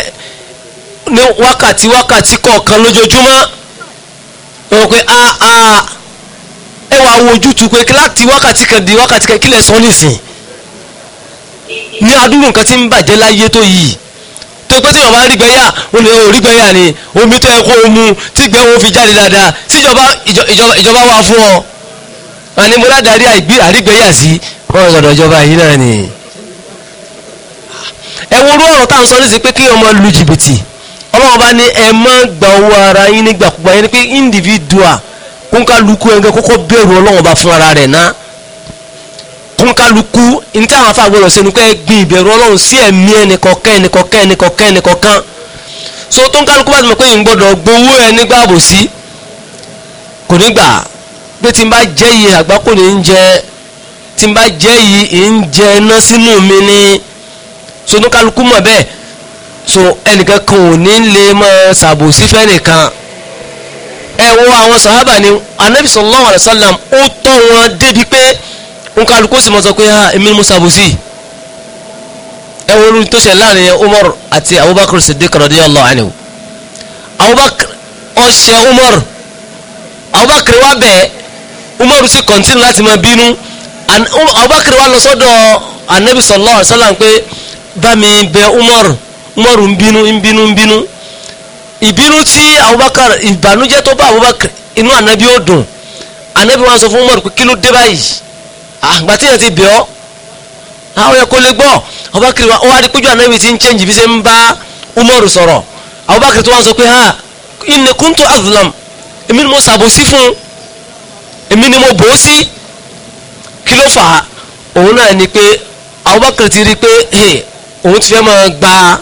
ní wákàtí wákàtí kọ̀ọ̀kan lójoojúmọ́ wọ́n a ah, ah. ẹ wàá wojú tu pé láti wákàtí kan di wákàtí kan ní adúrú nǹkan tí ń bàjẹ́ láyé tó yìí tó pé tí rí gbẹ́yà orí gbẹ́yà ni omi tó yẹ kó o mu tí gbẹ́ wọn fi jáde dáadáa síjọba ìjọba wà fún ọ àní mo ládàárí àrígbẹ́yà sí wọn sọ̀dọ̀ ìjọba yìí náà ni ẹ wo orú ọ̀rọ̀ tá à ń sọ ní sí pé kí ọmọ lu jìbìtì ọlọ́wọ́n bá ní ẹ má gba owó ara yín nígbàkúgbà yín ni pé individual kó ń ká lukú ẹ̀ńgẹ́ kókó bẹ̀rù ọlọ́wọ́n bá fún ara rẹ̀ náà fún kálukú ní táwọn afa gbọdọ̀ sẹ́nu pé gbin ìbẹ̀rù ọlọ́run sí ẹ̀mí ẹnìkọ̀kẹ́ ẹnìkọ̀kẹ́ ẹnìkọ̀kẹ́ ẹnìkọ̀kan so tó ń kálukú bá ti mọ̀ pé ìgbọ́dọ̀ gbowó ẹni gbà bò sí kò ní gbà pé tí n bá jẹ́ iye àgbá kò ní ń jẹ tí n bá jẹ́ iye ń jẹ iná sínú mi ni so tó ń kálukú mọ̀ bẹ́ẹ̀ so ẹnìkan kan ò ní lè máa ṣàbòsí fẹ́nìkan ẹ wo àwọn sàhábà ni anabi sallallahu alaihi wasallam ó tọ́ wọn débi pé nǹkan alukó sì mọ̀ sọ pé ha ah, ni mo ṣàbòsí ẹ wo lóyún tó ṣe láàrin Umar àti Abubakar Siddiq radiyallahu anhu Abubakar ọ̀ṣẹ́ Umar Abubakar wa bẹ̀ Umar sì kọ̀ntínú láti máa bínú Abubakar wa lọ sọ́dọ̀ anabi sallallahu alaihi wasallam pé bá mi Umar Umar ń bínú ń bínú ń bínú ìbínú tí Abubakar ìbànújẹ́ tó bá Abubakar inú anabi ó dùn anabi wa sọ fún Umar pé kí ló dé báyìí àgbà ah, tí yẹn ti bẹ̀ ọ́ àwọn ah, yẹ kó lè gbọ́ Abubakar wa ó wá di péjú ànábì tí ń chẹ́ǹjì bí ṣe ń bá Umaru sọ̀rọ̀ Abubakar tó wá sọ pé ha ah, inni kuntu azlam èmi ni mo ṣàbòsí fún èmi ni mo bò ó sí kí ló fà á òun náà ni pé Abubakar ti rí i pé òun ti fẹ́ máa gba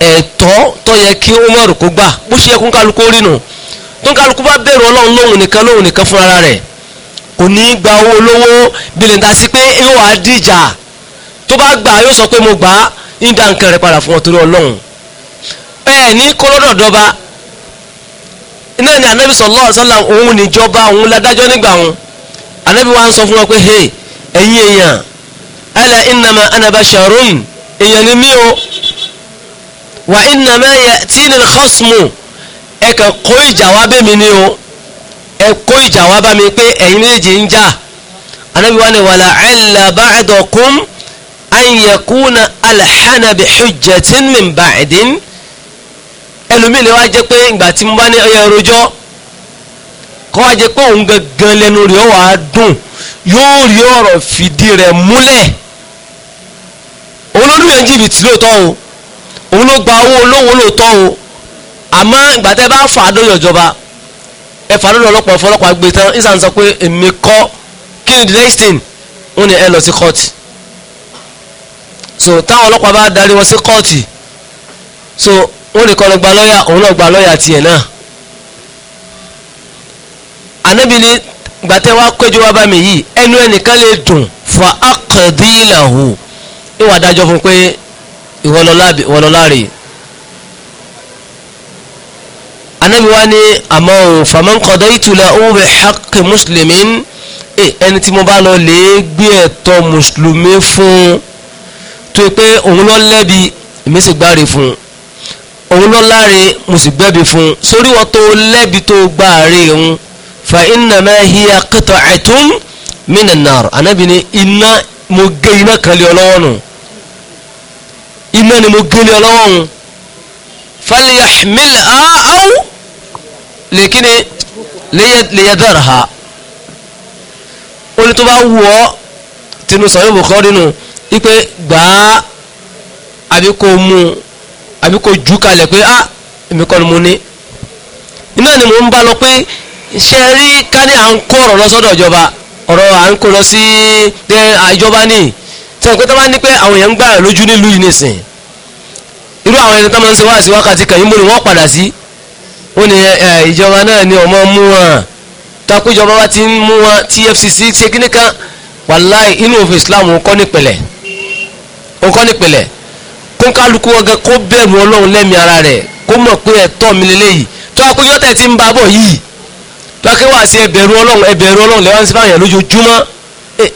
ẹ̀tọ́ tó yẹ kí Umaru kó gbà bó ṣe yẹ kó ń kálukú rí nù tó ń kálukú bá bẹ̀rù Ọlọ́run lóhun nìkan lóhun nìkan fúnra rẹ̀ kò ní gba owó olówó bílẹ̀ ta sí pé yóò wá dìjà tó bá gbà yóò sọ pé mo gbà á ń da nǹkan padà fún ọ torí ọlọ́run ẹ ní kọ́lọ́dọ̀ dọ́ba iná ni anabi sallallahu alaihi òun níjọba òun ládájọ́ nígbà wọn anabi wa ń sọ fún wọn pé hey ẹ̀yin èèyàn ala innama ana basharun èèyàn ni mí o wa innama ya'tini al-khasmu ẹ̀ka kó ìjà wa bẹ́ẹ̀ mi ni o ẹ kó ìjà wá bá mi pé ẹ̀yin méjì ń jà anabi wa ni wàlà ẹ̀là ba'dakum an yakuna alhana bi hujjatin min ba'din ẹlòmíì lè wá jẹ́ pé ìgbà tí mo bá ní wà á dùn yóò rí ọ̀rọ̀ ló dùn o òun owó olówó lóòótọ́ o àmọ́ ìgbà tẹ́ bá fà á ẹ fà lọ́dọ̀ ọlọ́pàá ọ̀fọlọ́pàá gbé tán ìsà ń sọ pé èmi kọ́ kí ni the next thing wọ́n ní ẹ lọ sí court so táwọn ọlọ́pàá bá darí wọn sí court so wọ́n lè kọ́ lọ gba lọ́ọ̀yà òun náà gba lọ́ọ̀yà tiẹ̀ náà ànábìlì gbàtẹ́ wa péjú wa bá mi yìí ẹnu ẹnìkan lè dùn fa akadilahu ìwà dájọ́ fún pé ìwọlọ́lá rèé anabi wa ni àmọ́ ò faman qadaytu lahu bi haqqi muslimin ẹni tí mo bá lọ lè gbé ẹ̀tọ́ mùsùlùmí fún tó pé òun lọ lẹ́bi èmi sì gbáre fún òun lọ láre mo sì gbẹ́bi fún sórí wọn tó lẹ́bi tó gbáre òun fa innama hiya qita'atun minan nar anabi ni iná mo gé iná kan lé ọ nù iná ni mo gé lé ọ lọ́wọ́ nù falyahmilha aw lèkíni lèyẹdẹ́rẹ̀ha ó ní tó bá wù ọ́ tinú sọ̀rọ̀ ìbùkọ́ nínú wípé gbàá àbí kò mú un àbí kò jù kalẹ̀ pé ah èmi kọ́ ni mo ní iná ni mò ń bá lọ pé ṣe rí ká ní à ń kó ọ̀rọ̀ lọ sọ́dọ̀ ìjọba ọ̀rọ̀ à ń kó lọ sí ìjọba ní tẹ̀kọ́ tó bá ní pé àwọn èèyàn ń gbà lójú nílùú yìí nìsín irú àwọn ẹni tó máa ń ṣe wá sí wákàtí kan yìí mo ní padà sí. Si ó ní eh, ìjọba náà ni ọmọ mú wọn takójọba bá ti ń mú wọn tí EFCC ṣe kíní kan wàláì inú òfin Islam ó kọ́ nípìnlẹ̀ ó kọ́ nípìnlẹ̀ kónkálukú ọgẹ kó bẹ̀rù Ọlọ́run lẹ́mí ara rẹ̀ kó mọ̀ pé ẹ̀tọ́ mi lélẹ́yìí tó akójọ́ tẹ̀ ti ń ba bọ̀ yìí tó akéwà sí ẹbẹ̀rù Ọlọ́run ẹbẹ̀rù Ọlọ́run lẹ́wọ́n sí fáwọn lójoojúmọ́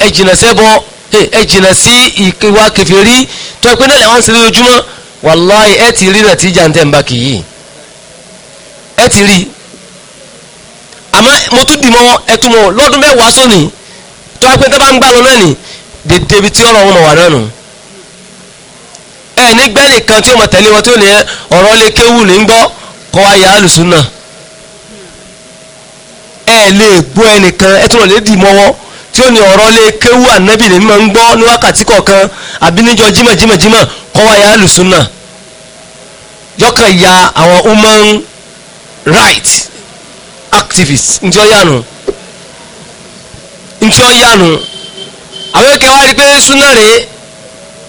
ẹ jìnà sẹ́bọ ẹ jìnà sí ìwà kèfèrí tó akójọ́ náà lẹ́wọ́n sí lójoojúmọ́ wàláì ẹ ti rí nàtíjà ń ń bá kì yìí ẹ ti rí àmọ́ mo tún dìmọ́ ẹtùmọ̀ lọ́dún mẹ́wàá sóni tó wá pé tó bá ń gbà lọ náà nì dèdè ibi tí ọ̀rọ̀ wọn mọ̀ wà náà nù ẹ nígbẹ́ nìkan tí ó mọ̀ tẹ̀lé wọn tí ó ní ọ̀rọ̀ lè kéwù ní ń gbọ́ kọ́ wá yà á lùsùn náà ẹ lè gbọ́ ẹnìkan ẹ tún lè dì mọ́wọ́ tí ó ní ọ̀rọ̀ lè kéwù ànábì lè mímọ́ ń gbọ́ ní wákàtí kọ̀ọ̀kan àbí níjọ jímọ̀ jímọ̀ jímọ̀ kọ́ wá yà á lùsùn náà yọkàn ya àwọn ọmọ ń right activist ntí ọ yánu ntí ọ yánu àwọn èké wa rí pé súnà rè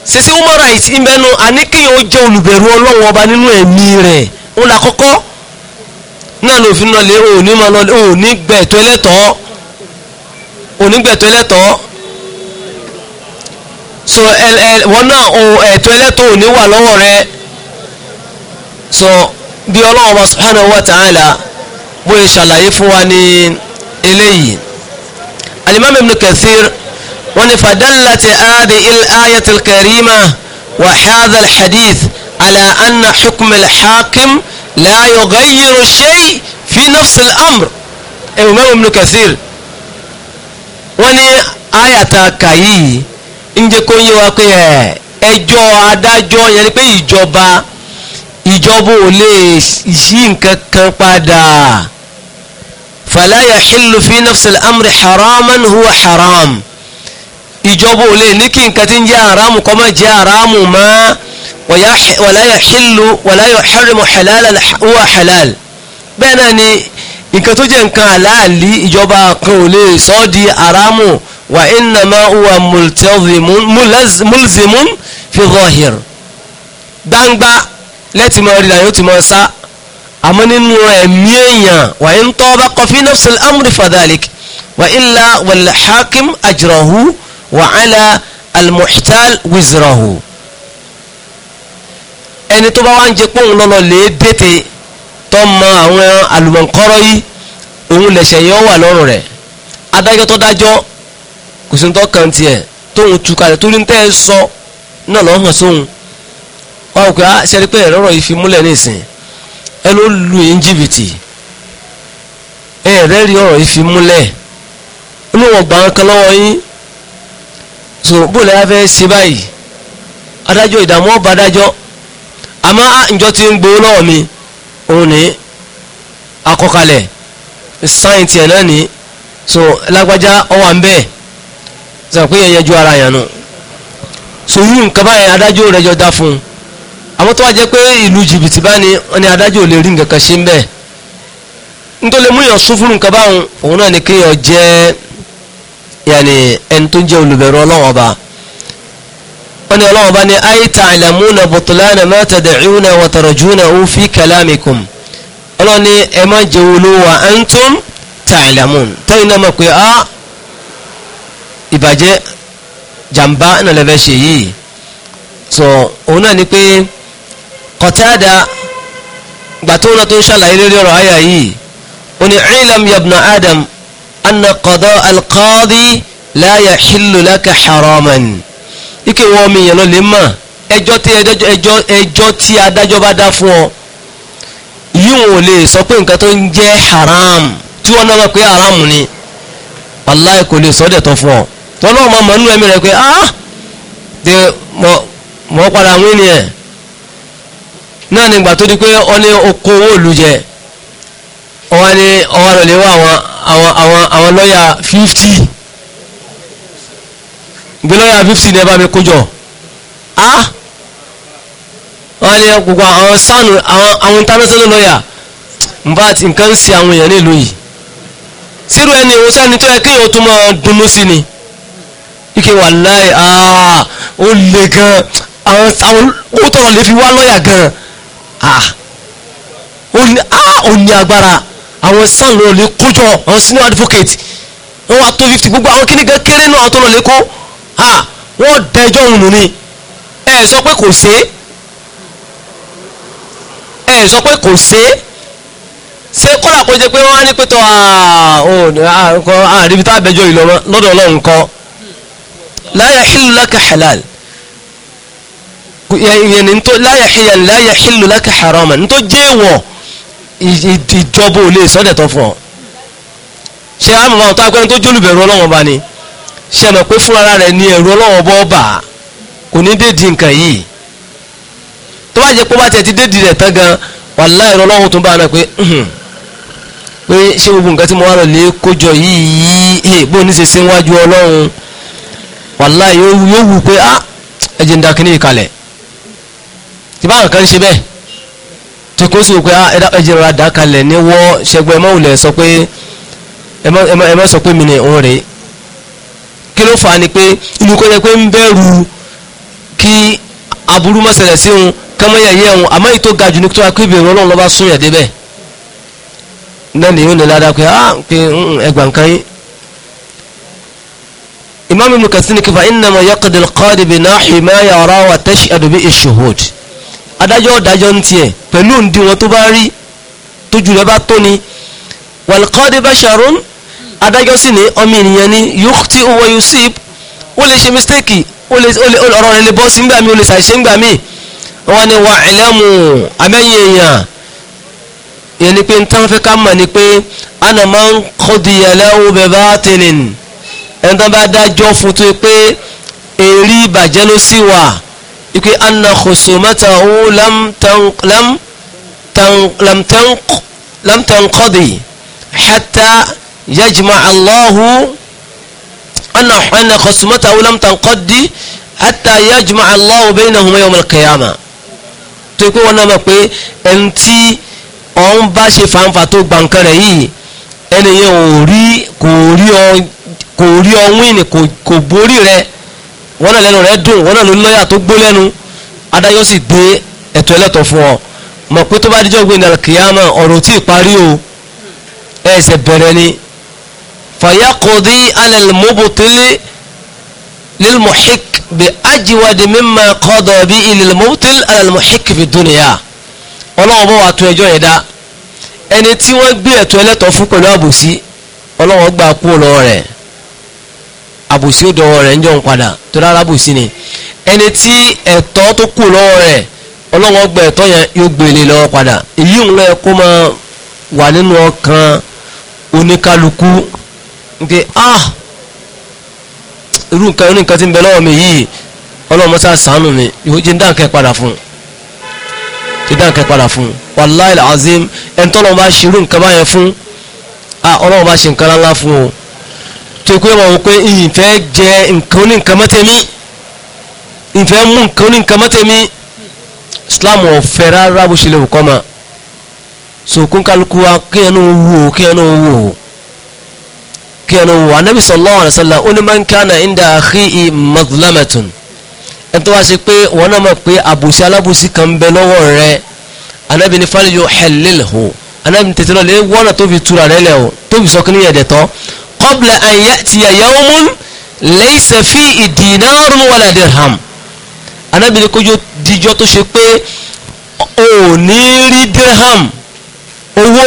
sisi human rights ìbẹnu àníkéyàn ó jẹ́ olùbẹ̀rù ọlọ́wọ́ ọba nínú ẹ̀mí rẹ̀ ń la kọ́kọ́ náà lòfin náà lé òní máa lọ òní gbẹ̀tọ́ ẹlẹ́tọ́ òní gbẹ̀tọ́ ẹlẹ́tọ́ so ẹ ẹ wọn náà ẹ̀tọ́ ẹlẹ́tọ́ òní wà lọ́wọ́ rẹ̀ so. bí ọlọ́run wa subhanahu wa ta'ala bó ṣe ṣàlàyé fún wa ní eléyìí alimami ibn kathir wọ́n ní fadallati adi al karima wa hadha al hadith ala anna hukm hakim la yughayyiru shay fi nafs al-amr imam ibn kathir wọ́n ní ayata kayi ń jẹ́ kó yé wa pé ẹjọ́ adájọ́ yẹn ni pé ìjọba. ìjọba ò lè yí nǹkan kan padà fala yahillu fi nafsi al-amri haraman huwa haram ìjọba ò lè ní kí nǹkan tí ń jẹ́ haramu kó má jẹ́ haramu mọ́ wala yahillu wala yuharrimu halalan huwa halal bẹ́ẹ̀ náà ni nǹkan tó jẹ́ nǹkan àláàlí ìjọba kan ò lè sọ ọ́ di haramu wa innama huwa multazimun mulzimun fi zahir gbangba lẹ́tì mọ́ rí làyò tí mọ́ sá àmọ́ nínú ẹ̀mí èèyàn wà ń tọ́ bá kọfí nafsi al-amri fadhalik wà ilà wal hakim ajrahu wà ala al-muhtal wizrahu ẹni tó bá wá ń jẹ pé òun lọ́lọ́ lè dètè tó mọ àwọn àlùmọ̀ǹkọ́rọ́ yìí òun lẹ̀ṣẹ̀ yẹn wà lọ́rùn rẹ̀ adájọ́ tó dájọ́ kò tó kàn tiẹ̀ tóun tu torí ń tẹ́ ẹ sọ náà lọ́ sóhun Wa á pè á ṣe pé ẹ̀rọ yìí fi múlẹ̀ nísìn ẹ ló lu yín jìbìtì ẹ̀rẹ́ rí ọ̀rọ̀ yìí fi múlẹ̀ inú wọn gbà kan lọ́wọ́ yín fẹ́ ṣe báyìí adájọ́ ìdààmú ọba adájọ́ àmọ́ ah, ti ń gbowó lọ́wọ́ mi òun ni akọ́kalẹ̀ sáyìn tiẹ̀ náà ni so lágbájá ọwà ń bẹ́ẹ̀ sọ pé yẹn yẹn ju fún àwọn tó wá jẹ́ pé ìlú jìbìtì bá ní wọn ni adájọ́ ò lè rí nǹkan kan ṣe ń bẹ̀ nítorí mú yàn sún fúnrun kan báwọn òun náà ni kéèyàn jẹ́ yàní ẹni tó ń jẹ́ olùbẹ̀rù ọlọ́wọ́n ọba wọ́n ní ọlọ́wọ́n ọba ní ayé ta'lamuna butlana ma tad'una wa tarjunahu fi kalamikum ọlọ́ni ẹ má jẹ́ olówó antum ta'lamun tẹ́yìn náà mọ̀ pé a ìbàjẹ́ jàǹbá náà lẹ́fẹ́ ṣe yìí so òun náà ni pé. Qatada gbàtúwò náà tó ń ṣàlàyé lórí ọ̀rọ̀ àyà yìí ó ní ilam yabna adam anna qada alqadi la yahillu laka haraman ike wọ́n mi yẹn lọ lè mọ̀ ẹjọ́ tí ẹjọ́ ẹjọ́ tí adájọ́ bá dá fún ọ yíwọ̀n ò lè sọ pé nǹkan tó ń jẹ́ haram tí wọ́n náà pé haram ni wàláì kò lè sọ dẹ̀ tán fún ọ tọ́lọ́ ọmọ mọ̀nú ẹ̀mí rẹ̀ pé ah de mọ̀ mọ̀ padà wí ni ẹ̀ náà nígbà tó di pé ọ ní oko owó òlu jẹ ọwọ́ ní ọwọ́ lọ lè wá àwọn àwọn àwọn lọ́ọ̀yà fífítì gbé lọ́ọ̀yà fífítì ní ẹ bá mi kó jọ á wọ́n ní gbogbo àwọn sánù àwọn international lọ́ọ̀yà nbá ti nǹkan ń ṣe àwọn èèyàn nílùú yìí sírò ẹni òun sẹ́ni tó yẹ kí yóò tún máa dunnú sí ni ike wà láì ó le gan àwọn ó tọrọ lè fi wá lọ́ọ̀yà gan Ah. Ah, ó ní agbára àwọn sáà lọ lè kójọ àwọn senior advocate wọ́n wá tó fifty gbogbo àwọn kíní gan kéré náà tó lọ lè kó ah, wọ́n dẹjọ́ òun nù ni ẹ sọ pé kò sé ẹ sọ pé kò sé ṣé kọ́lá kó jẹ́ pé wọ́n á ní pẹ́tọ́ àríbi tá a bẹjọ́ ìlọ́rọ̀ lọ́dọ̀ ọlọ́run kọ́ la yahillu laka halal yẹn ní tó láyà hiyan láyà hilu láka haraman ní tó jẹ́ ìwọ̀ ìjọba ò lè sọ́dẹ̀ tán fún ọ ṣe àmọ́ àwọn tó agbẹ́ni tó jólùbẹ̀rù ọlọ́wọ́n bá ni ṣe mọ̀ pé fún ara rẹ̀ ní ẹ̀rù ọlọ́wọ́n bọ́ bà kò ní dédìí nǹkan yìí tó bá jẹ́ pé bá tiẹ̀ ti dédìí rẹ̀ tán gan wàlá ẹ̀rọ ọlọ́wọ́n tó bá a náà pé pé ṣé gbogbo nǹkan tí mo wá lọ lè kójọ yìí bó ní ṣe ṣe wájú ọlọ́run wàlá yóò wù pé ah ẹ̀jẹ̀ ń da kíní ìkalẹ̀ tí báwọn kan ṣe bẹ́ẹ̀ tí kò sí pé ẹjẹ ah, rà dá ní wọ́ ṣẹgbẹ́ ẹmọ òlẹ̀ sọ pé ẹmọ sọ pé mi ni òun rèé kí ló fà á ni pé ìlú kọjá pé ń bẹ̀rù kí aburú má ṣẹlẹ̀ sí òun kẹ́mọ́yà yẹ òun àmọ́ èyí tó ga jù ní tó akú ìbẹ̀rù ọlọ́run lọ́ba sún yà débẹ̀ náà ni yóò ní ládàá pé ah, hmm, ẹgbà nǹkan yín imam ibn kasir ni kí fa innama qadi bi nahwi ma yara wa tashhadu bi ash adájọ́ ọ̀dájọ́ ń tiẹ̀ pẹ̀lú òǹdíwọ̀n tó bá rí tójú rẹ̀ bá tó ni wàlùkọ́dé basharun adájọ́ sì ní ọmọ ènìyàn ni yukhti wa yusib ó lè ṣe mistake ó lè ọ̀rọ̀ rẹ̀ lè bọ́ sí ngbà mí ó lè ṣàṣìṣe ngbà mi wọ́n ní wà ẹ̀lẹ́mù amẹ́yìn èèyàn ìyẹn ni pé ń tán fẹ́ ká mọ̀ ni pé ana máa ń kọ́dìyàlẹ́ òbẹ̀ bá tẹ̀lẹ̀ ẹni tán bá dájọ́ fún tó pé èrí ìbàjẹ́ ló sì wà ike anna khusumatahu lam tanq lam tanq lam tanq lam tanqadi hatta yajma Allah anna anna khusumatahu lam tanqadi hatta yajma Allah bainahuma yawm al-qiyamah tó ko wona mọ̀ pé en tí on bá ṣe fanfa tó gba nǹkan rẹ̀ yìí ò rí kò rí ọ kò borí rẹ̀ wọn náà lẹ́nu rẹ̀ dùn wọn náà ló lọ́yà tó gbó lẹ́nu adájọ́ sì gbé ẹ̀tọ́ ẹlẹ́tọ̀ fún ọ mọ̀ pé tó bá díjọ́ gbé nàlẹ́ kìyàmà ọ̀rọ̀ tí ì parí o ẹ̀ẹ́sẹ̀ bẹ̀rẹ̀ ni fàyàkùdí alẹ́lmọ́bùtìlì lilmuhik bi ajiwadi mímà kọ́dọ̀ bí ililmọ́bùtìlì alẹ́lmọ́hik fi dúnìyà ọlọ́wọ́ bá wà tó ẹjọ́ yẹn dá ẹni tí wọ́n gbé ẹ̀tọ́ ẹlẹ́tọ̀ fún pẹ̀lú àbòsí ọlọ́wọ́ gbà kú lọ́wọ́ àbòsí òdòwò rẹ̀ ń jọ ń padà tó rárá àbòsí ni ẹni tí ẹ̀tọ́ tó kù lọ́wọ́ rẹ̀ ọlọ́wọ́ gba ẹ̀tọ́ yẹn yóò gbélé lọ́wọ́ padà èyí ń lọ kó máa wà nke ah irú nǹkan irú nǹkan tí ń bẹ lọ́wọ́ mi yìí ọlọ́mọ sá sànù mi yóò jẹ́ dáǹkẹ́ padà fún jẹ́ dáǹkẹ́ padà fún wàláìlà azim ẹ̀ńtọ́ lọ́wọ́ bá ṣe irú nǹkan báyẹn fún ah bá ṣe tó kó yọmọ wò pé ìfẹ́ jẹ nǹkan ní nǹkan mọ́tẹ́mí ìfẹ́ mú nǹkan ní nǹkan mọ́tẹ́mí Islam ọ̀fẹ́ rárá bó ṣe lè wò kọ́ ma so kónkálukú wa kéèyàn náà wò ó kéèyàn náà wò ó kéèyàn náà wò ó anabi sallallahu alaihi wasallam ó ní máa ń kí àná inda akhihi mazlamatun ẹ̀ tó wá ṣe pé wọn náà mọ̀ pé àbòsí alábòsí kan bẹ lọ́wọ́ rẹ̀ anabi ni fali yóò xẹlil ho anabi tètè lọlẹ wọnà tóbi tura rẹ lẹ o tóbi sọ kí ni yẹn dẹ tọ qabla an ya'tiya yawmun laysa fihi dinarun wala dirham Ànábì ní kójó díjọ́ tó ṣe pé ò ní rí dirham owó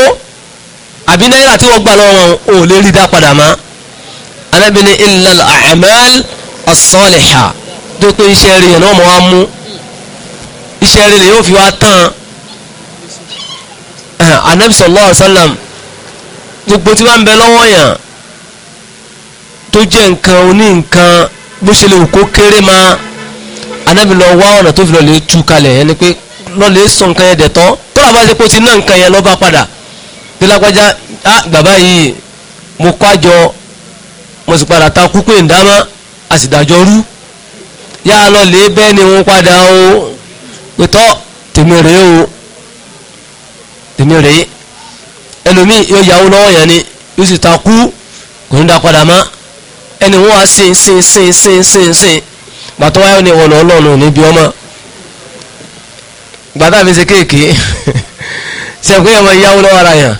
àbí náírà tí wọ́n gbà lọ́wọ́ wọn ò lè rí dá padà mọ́ Ànábì ní illa al-a'mal as-salihah tó pé iṣẹ́ rí yẹn náà mọ́ wá mú iṣẹ́ rí lè yóò fi wá tán Ànábì sallallahu alaihi wasallam gbogbo tí wọ́n ń bẹ lọ́wọ́ yẹn tó jẹ́ nǹkan oní nǹkan bó ṣe lè kó kéré ma anábì lọ wá ọ̀nà tó fi lọ lè tú kalẹ̀ yẹn ni pé lọ lè sọ nǹkan yẹn dẹ̀tọ́ tó làbá ṣe kó ti ná nǹkan yẹn lọ padà tí á bàbá yìí mo kó àjọ mo sì padà ta kú pé ǹdámá a sì dàjọ rú yá lọ lè bẹ́ẹ̀ ni wọ́n padà o pẹ̀tọ́ tèmi rèé o tèmi rèé ẹlòmíì yóò yàwó lọ́wọ́ yẹn ni yóò sì ta kú kò ní dá padà mọ́ ẹni wọ́n á sin sin sin sin sin sin gbàtọ́ wáyé ni ìwọ̀n ọlọ́run níbi ọmọ gbàtà mi ṣe kéèké sẹ́kùn yẹn mọ ìyáwó lọ́wọ́ ara yàn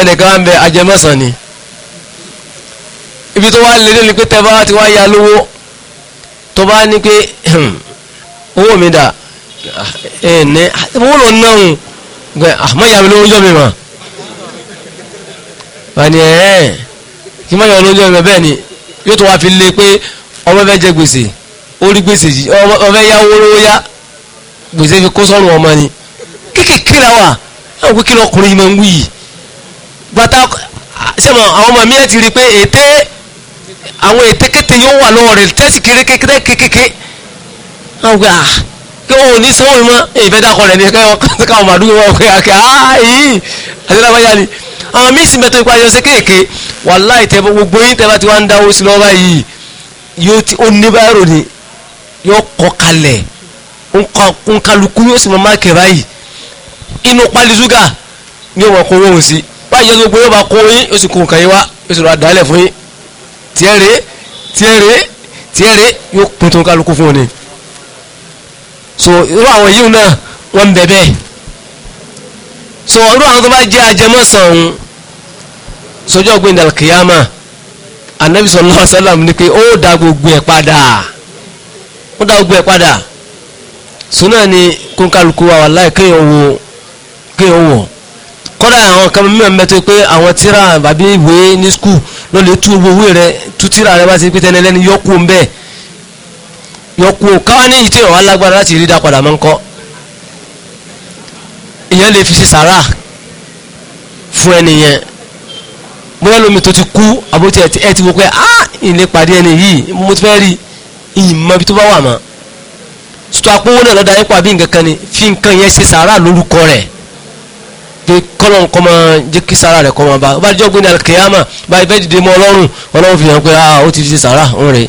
ẹnìkan wá ń bẹ ajẹmọ́sán ni ibi tó wá lé lé ni pé tẹ́ bá ti wá ya lówó tó bá ní pé hmm, owó mi dà ẹ ní owó ló ná òun gbẹ àmọ́ ah, ìyá mi ló mi mà wà ní ẹ kí má yọ ló ń yọ mi bẹ́ẹ̀ ni yóò tó wá fi lé pé ọmọ fẹ́ jẹ gbèsè ó rí gbèsè yìí ọmọ fẹ́ yá owó lówó yá gbèsè fi kó sọ́run ọmọ ni kékèké la wà àwọn kó kílọ̀ ọkùnrin yìí máa ń wí yìí bàtà sẹ́mọ̀ àwọn ọmọ mi ẹ̀ ti rí pé ète àwọn ète kété yóò wà lọ́wọ́ rẹ̀ tẹ́sì kéré kékeré àwọn gbé kí wọn ò ní sanwó mi mọ́ èyí rẹ̀ ní kẹ́kẹ́ wọn káwọn wọn kò kẹ́ àwọn míì sì mẹ́tọ́ ipa yọ sí kéèké wàláì tẹ́ gbogbo yín tẹ́ bá ti wá ń dáwó sí lọ́wọ́ yìí yóò ti ó ní báyìí ni yóò kọ́ kalẹ̀ nkàlùkù yóò sì mọ máa kẹ̀ báyìí inú pálí ṣúgà ni ó wọ̀ kó wọ́n sí báyìí yóò gbogbo yóò bá kó yín yóò sì kó nǹkan yín wá yóò sì rọ àdálẹ̀ fún yín tiẹ̀ rèé tiẹ̀ yóò kún tó nkàlùkù fún òní so irú àwọn yìí náà wọ́n ń bẹ bẹ́ẹ̀ so irú àwọn tó bá jẹ́ ajẹmọ́sàn ọ̀hún sọjọ́ ọgbìn dàlkìyàmà anabi sallallahu alaihi wasallam ni pé ó dá gbogbo ẹ̀ padà ó dá gbogbo ẹ̀ padà sùnà ni kónkálukú wa wàláì kéèyàn wò kéèyàn wò kọ́dà àwọn kan mímọ̀ mẹ́tọ́ pé àwọn tíra àbí ìwé ní skul ló lè tú owó rẹ tú tíra rẹ bá ti pété ẹni lẹ́ni yọkù bẹ́ẹ̀ yọkù káwá ní ìtẹ̀yàn wà láti rí dá padà mọ́ ń kọ́ ìyẹn lè fi ṣe sàrà fún ẹni yẹn bóyá lómi tó ti kú àbótí ẹ ti wò pé á ah, ìlé pàdé ẹni yìí mo ti fẹ́ rí ìmọ̀ ibi tó bá wà mọ́ sọ apówó náà lọ́dà nípa bí nǹkan kan ni fi nǹkan yẹn ṣe sàrà lórúkọ rẹ̀ pé kọ́lọ̀ nǹkan máa jẹ́ kí sàrà rẹ̀ kọ́ máa bá bá jọ́ gbé ní alikiyama bá ibẹ̀ dìde mọ́ ọlọ́run ọlọ́run fi hàn pé á ah, ó ti ṣe sàrà òun rè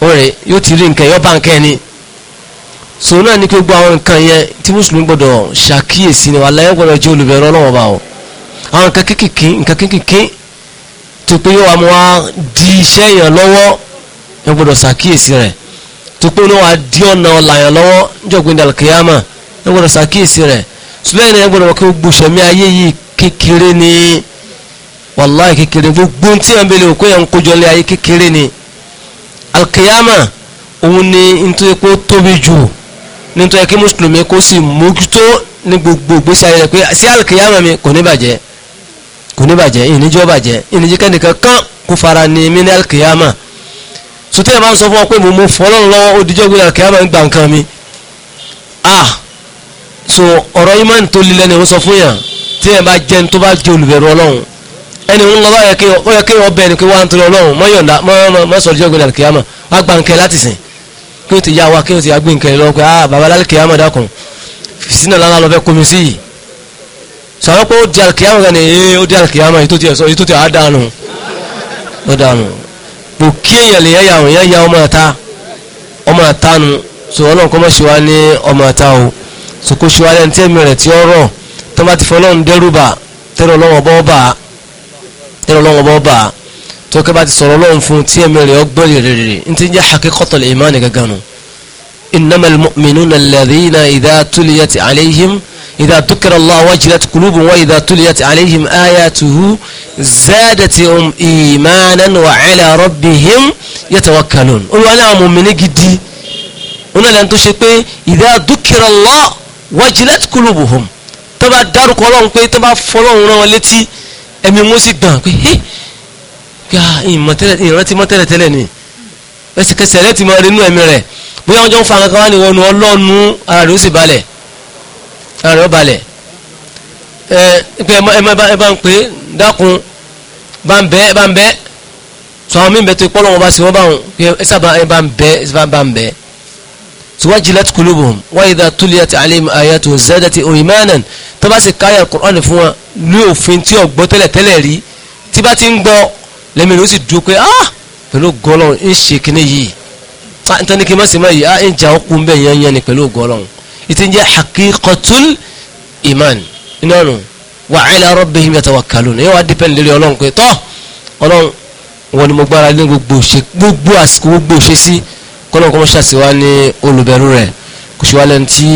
òun rè yóò ti rí nǹkan yóò so náà ní gbogbo àwọn nǹkan yẹn tí mùsùlùmí gbọdọ̀ ṣàkíyèsí ni wàá láyé gbọdọ̀ jẹ́ olùbẹ̀rù Ọlọ́run bá o àwọn nǹkan kékèké nǹkan kékèké tó pé yóò wá mú wa di iṣẹ́ èèyàn lọ́wọ́ ẹ gbọdọ̀ ṣàkíyèsí rẹ̀ tó pé yóò wá di ọ̀nà ọ̀la èèyàn lọ́wọ́ níjọ̀gbìn dàlùkìyàmà ẹ gbọdọ̀ ṣàkíyèsí rẹ̀ sùlẹ́yìn náà ẹ gbọdọ̀ kí gbogbo sẹ̀mí ayé yìí kékeré ni wàláì kékeré gbogbo tí ẹ̀ ń òkú yẹn ń kójọ lé ayé kékeré ni alkiyama òun ni nítorí tóbi jù nítorí kí mùsùlùmí kó sì mójútó ní gbogbo ìgbésí ayé rẹ̀ pé sí àlùkìyàmọ̀ mi kò ní bàjẹ́ kò ní bàjẹ́ ìníjọ́ bàjẹ́ ìníjíkẹ́ nìkan kán kó fara ní mí ní àlùkìyàmọ̀ sotí ẹ̀ máa ń sọ fún ọ pé mo mo fọ́ lọ́rùn lọ́wọ́ ó dijọ́ gbéra àlùkìyàmọ̀ ń gba nǹkan mi ah so ọ̀rọ̀ imáàn tó lílẹ̀ ni wọ́n sọ fún yàn tí ẹ̀ bá jẹ́ ní tó bá jẹ́ olùbẹ̀rù ọlọ́run ẹni ń lọ bá yẹ kí ọbẹ̀ ni pé wọ́n á ń torí ọlọ́run mọ́ yọ̀ǹda mọ́ sọ̀rọ̀ dijọ́ gbéra àlùkìyàmọ̀ wọ́n á gba nǹkan láti sìn kí o ti yá wa kí o ti agbé nǹkan lọ pé ah baba lálẹ́ kìámọ̀ dákun fìsínà lánà lọ fẹ́ komi sí yìí sọ̀rọ̀ pé ó di àlùkìámọ̀ kan ní ee eh, ó di àlùkìámọ̀ ètò tiẹ̀ sọ ètò tiẹ̀ á dànù ó dànù kò kí èèyàn lè yáyà òun yáyà ọmọ ẹ̀ta ọmọ ẹ̀ta nu sọ ọlọ́run kọ́ mọ̀ ṣe wá ní ọmọ ẹ̀ta o sọ kó ṣe wá lẹ́nu tí ẹ̀mí rẹ̀ ti ọ̀rọ̀ tó ti fọ́ ọlọ́run dẹ́rù bà tẹ́lẹ̀ ọlọ́run ọba tókè bá ti sọ̀rọ̀ lọ́wọ́n fún tí ẹ̀mí rẹ̀ ọgbọ́n rẹ̀ rẹ̀ n ti jẹ́ haqiqatul iman gangan nù innamal mu'minuna alladhina idha tuliyat alayhim idha dhukira Allah wajilat qulubuhum wa idha tuliyat alayhim ayatuhu zadatuhum imanan wa ala rabbihim yatawakkalun olùwà ní àwọn mọ̀mìnì gidi wọn náà lẹ́nu tó ṣe pé idha dhukira Allah wajilat qulubuhum tó bá dárúkọ tó bá fọlọ́run rán wọn létí ẹ̀mí yá ìrántí mọ́ tẹ́lẹ̀ tẹ́lẹ̀ ni ẹsẹ̀kẹsẹ̀ rẹ ti mọ rinú ẹ̀mí rẹ̀ bóyá wọ́n jọ ń fa kankan wá ní ọ̀nà ọlọ́nu ara rẹ̀ ó sì balẹ̀ ara rẹ̀ ó balẹ̀ ẹ pé ẹ bá ń pè é dákun bá ń bẹ́ ẹ bá ń bẹ́ tó àwọn míì bẹ́ tó ipọ́ lọ́wọ́ bá sí wọ́n bá wọn pé ẹ sábà ẹ bá ń bẹ́ ẹ bá ń bẹ́ tí wajilat qulubuhum wa idha tuliyat alayhim ayatuhu zadatuhum imanan tó bá sì káyà Qur'an fún wọn ní òfin tí ò tẹ́lẹ̀ tẹ́lẹ̀ rí tí bá ti ń gbọ́ lẹ́mi ló sì dúró pé ah pẹ̀lú gọ́lọ́n ń ṣe kíní yìí tani kí n má sì máa yìí ah ń jà ó kú bẹ́ẹ̀ yẹn yẹn ni pẹ̀lú gọ́lọ́n ìtì ń jẹ́ haqiqatul iman iná nù wa ala rabbihim yatawakkalun yóò wá dípẹ́ǹd lórí ọlọ́run pé tọ́ ọlọ́run wọn ni mo gbára lé gbogbo àsìkò gbogbo ṣe sí kọ́lọ́n kọ́ mọ́ ṣàṣìwá ní olùbẹ̀rù rẹ̀ kusuwalen tí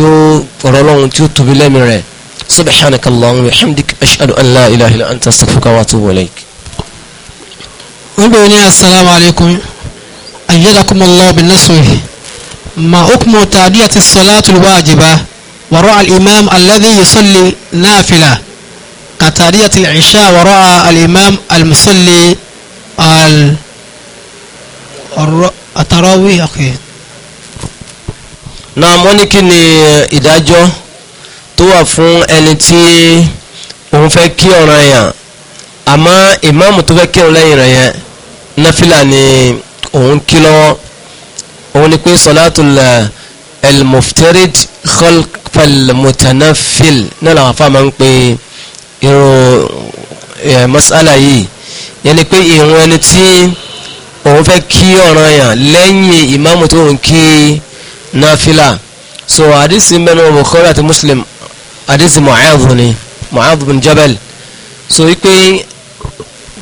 yóò ọlọ́run tí yóò tóbi lẹ́mi rẹ̀ subhanakallahumma wa bihamdik ashhadu an la ilaha illa anta astaghfiruka wanda wani assalamu alaikum ayyadakum Allah bin nasri ma hukmu tadiyati salatu wajiba وراء الإمام الذي يصلي نافلة كتارية العشاء وراء الإمام المصلي ال... التراوي أخي náà wọ́n ní kí ni ìdájọ́ tó wà fún ẹni tí òun fẹ́ kí ọ̀ranyàn àmọ́ ìmáàmù tó fẹ́ kí ọ̀ranyàn yẹn náfìlà ni òun kí lọ́wọ́ òun ni pé sọlátùl elmuftarid khalfal mutanafil náà làwọn afá máa ń pe irú masala yìí yẹn ni pé ìrun ẹni tí òun fẹ́ kí ọ̀ràn yàn lẹ́yìn ìmáàmù tó ń kí náfìlà so àdìsí mẹ́nu Bukhari àti Muslim àdìsí Mu'adh ni Mu'adh bin so wípé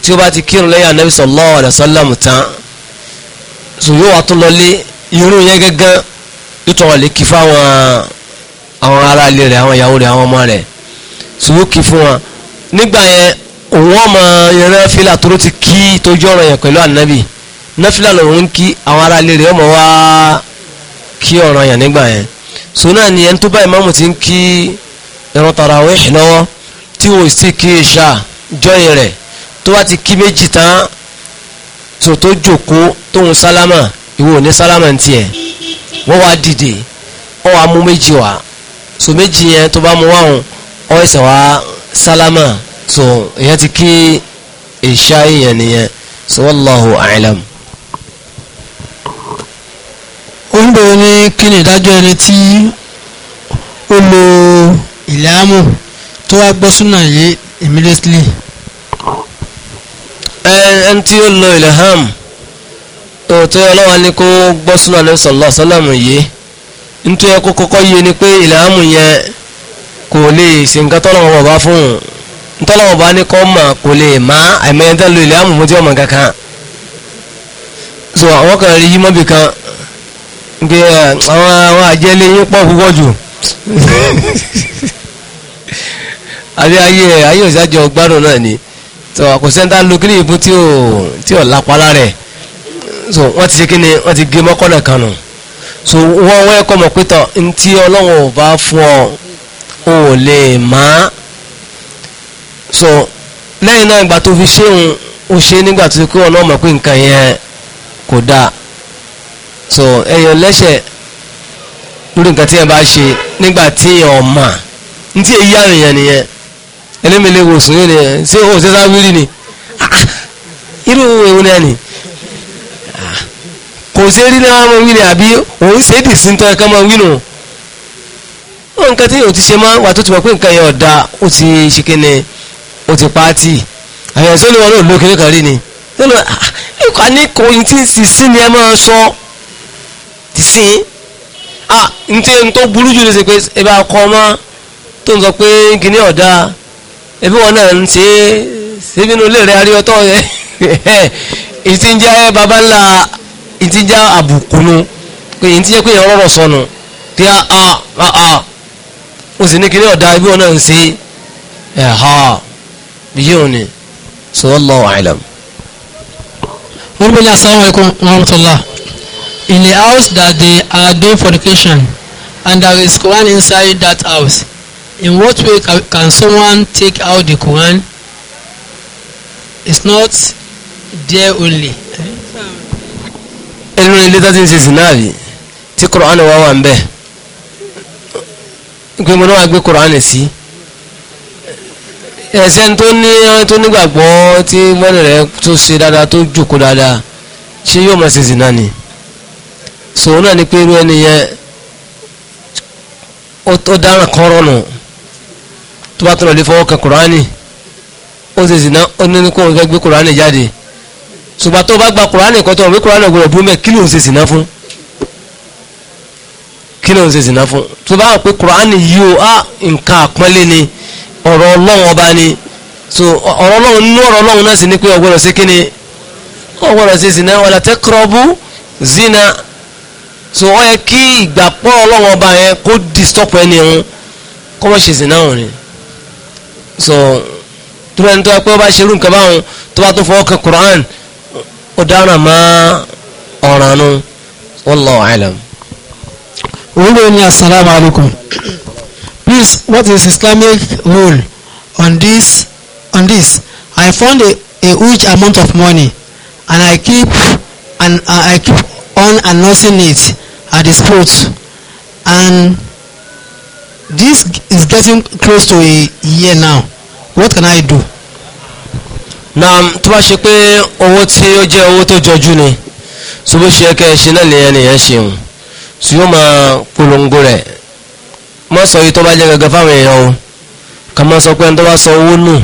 tí ó bá ti kírun lẹ́yìn anabi sallallahu alaihi wasallam tán so yóò wá tún lọlé irun yẹn gángan yóò tún wà lè kí fáwọn àwọn ará ilé rẹ̀ àwọn ìyàwó rẹ̀ àwọn ọmọ rẹ̀ so yóò kí fún wọn nígbà yẹn òun ọmọ ìran fílà tó ti kí tójú ọ̀rọ̀ yẹn pẹ̀lú anabi náfìlà lòun kí àwọn ará rẹ̀ ọmọ wá kí ọ̀rọ̀ yẹn nígbà yẹn so náà ni ẹni tó bá ìmáàmù ti ń kí ẹran tarawih lọ́wọ́ tí wò sí kí ìṣà jọyìn rẹ̀ tó bá ti kí méjì tán tó tó jòkó tóun sálámà ìwọ ò ní sálámà ń tiẹ̀ wọ́n wá dìde wọ́n wá mú méjì wá so méjì yẹn tó bá mú wáhùn ọ́ ẹ̀sẹ̀ wá sálámà so ìyẹn ti kí ìṣá yẹn nìyẹn so wallahu a'lam. oníbẹ̀rẹ̀ ní kí ni ìdájọ́ ẹni tí ó lo ìlàámù tó wá gbọ́ súnà yìí immediately. Eh, ẹn tí ó lo ilham tó ọlọ́wà ní kó gbọ́ súnà ní sọ̀lọ́ sọ́lámù yìí nítorí ẹ̀kọ́ kọ́kọ́ yé ni pé ilhamu yẹn kò lè ṣe nǹkan tọ́lọ́wọ́ bá fún un ntọ́lọ́wọ́ bá ní kọ́ mà kò lè má àìmọ́yẹ́ntẹ́ lo ilhamu mo ti ọmọ kankan so àwọn kan rí kan pé àwọn àwọn àjẹlé yín pọ̀ púpọ̀ jù àbí ayé ayé so kò sẹ́ńtà lu kíní ìbú tí ò tí ò lápalá rẹ̀ so wọ́n ti ṣe kíni wọ́n ti gé mọ́kànlá kan nù so wọ́n wọ́n ẹ̀kọ́ mọ̀ pé tán ntí ọlọ́run ò bá fún ọ ò lè má so lẹ́yìn náà ìgbà tó fi ṣéun ó ṣe nígbà tó ti kó ọlọ́run mọ̀ pé nǹkan yẹn kò dáa so ẹ̀yàn lẹ́sẹ̀ lórí nǹkan tí yẹn bá ṣe nígbà tí yẹn ọ̀ mà ntí èyí àrùn yẹn nìyẹn ẹlẹ́mẹ̀lẹ́ wo sùn yóò ní ṣé o ṣe sáwírì ni ah, ah, irú ewu náà ni ah, kò ṣe rí náà máa wí ni àbí òun ṣe é dì sí nǹkan kan máa wí nù ó nǹkan tí o ti ṣe máa wà tó ti mọ̀ pé nǹkan yẹn ọ̀dà ó ti ṣe kíni ó ti pàtì àyàn sọ́ni wọn náà ló kéré kan rí ni lọ́nà ìkọ́ ní kò ní tí ń sísìn ni ẹ máa sọ ti sìn ah n tó burú jù ní ṣe pé ẹ bá kọ́ ọ mọ́ tó ń sọ pé kíní ọ̀dà ebi wọn náà ń ṣe é síbi inú ilé rẹ aríọtọ ìtìjẹ baba ńlá ìtìjẹ àbùkù pé ìtìjẹ pé ìyẹn rọrọ sọnù pé a a a o sì ní kíní ọ̀dà ebi wọn náà ń ṣe é ha yìí ò ní sallallahu a'lam. wọ́n bí assalamu alaikum warahmatullah in the house that they are doing fornication and there is Quran inside that house in what way ca can someone take out the Quran? It's not there only. ẹnu ilé tá ti ń ṣe sinabi tí Quran wà wà ń bẹ gbé mo náà wá gbé Quran sí ẹsẹ̀ tó ní tó nígbàgbọ́ tí mọ́nì rẹ̀ tó ṣe dáadáa tó jòkó dáadáa ṣé yóò máa ṣe zina ni sòwò náà ni pé irú ẹni yẹn ó dáràn kọ́rọ́ nù. No tó bá tún lọ lè fọwọ́ kan kùránì ó sì sì náà ó ní kó o fẹ́ gbé kùránì jáde ṣùgbọ́n tó bá gba kùránì kan tó wọ́n gbé kùránì ọ̀gbọ̀n bú mẹ́ kí ló ń ṣe sì náà fún kí ló ń ṣe sì náà fún tó bá wà pé kùránì yìí o á nǹkan àpọ́nlé ni ọ̀rọ̀ ọlọ́run ọba ni so ọ̀rọ̀ ọlọ́run nínú ọ̀rọ̀ ọlọ́run náà sì ni pé ọ̀gbọ́dọ̀ sí kíni ọ̀gbọ́dọ̀ sí sì náà wala taqrabu zina so ọ yẹ kí ìgbàpọ̀ ọlọ́run ọba yẹn kó disturb ẹni ọ̀hún kọ́mọ̀ṣe sì náà rìn so tura ẹni tó yẹ pé ó bá ṣerú nǹkan báwọn tó bá tún fọwọ́ kan Quran ó dára mọ́ ọ̀ràn nu wallahu alam. olú ni asalaamu alaykum please what is Islamic rule on this on this I found a, a huge amount of money and I keep and uh, I keep on announcing it at the spot and this is getting close to a year now what can I do. naam tó bá ṣe pé owó tí ó jẹ́ owó tó jọjú ni so bó ṣe yẹ kẹ́ ẹ ṣe náà nìyẹn nìyẹn ṣeun so yóò máa polongo rẹ̀ mọ́ sọ yìí tó bá jẹ́ gẹ́gẹ́ fáwọn èèyàn o kà má sọ pé ẹni tó bá sọ owó nù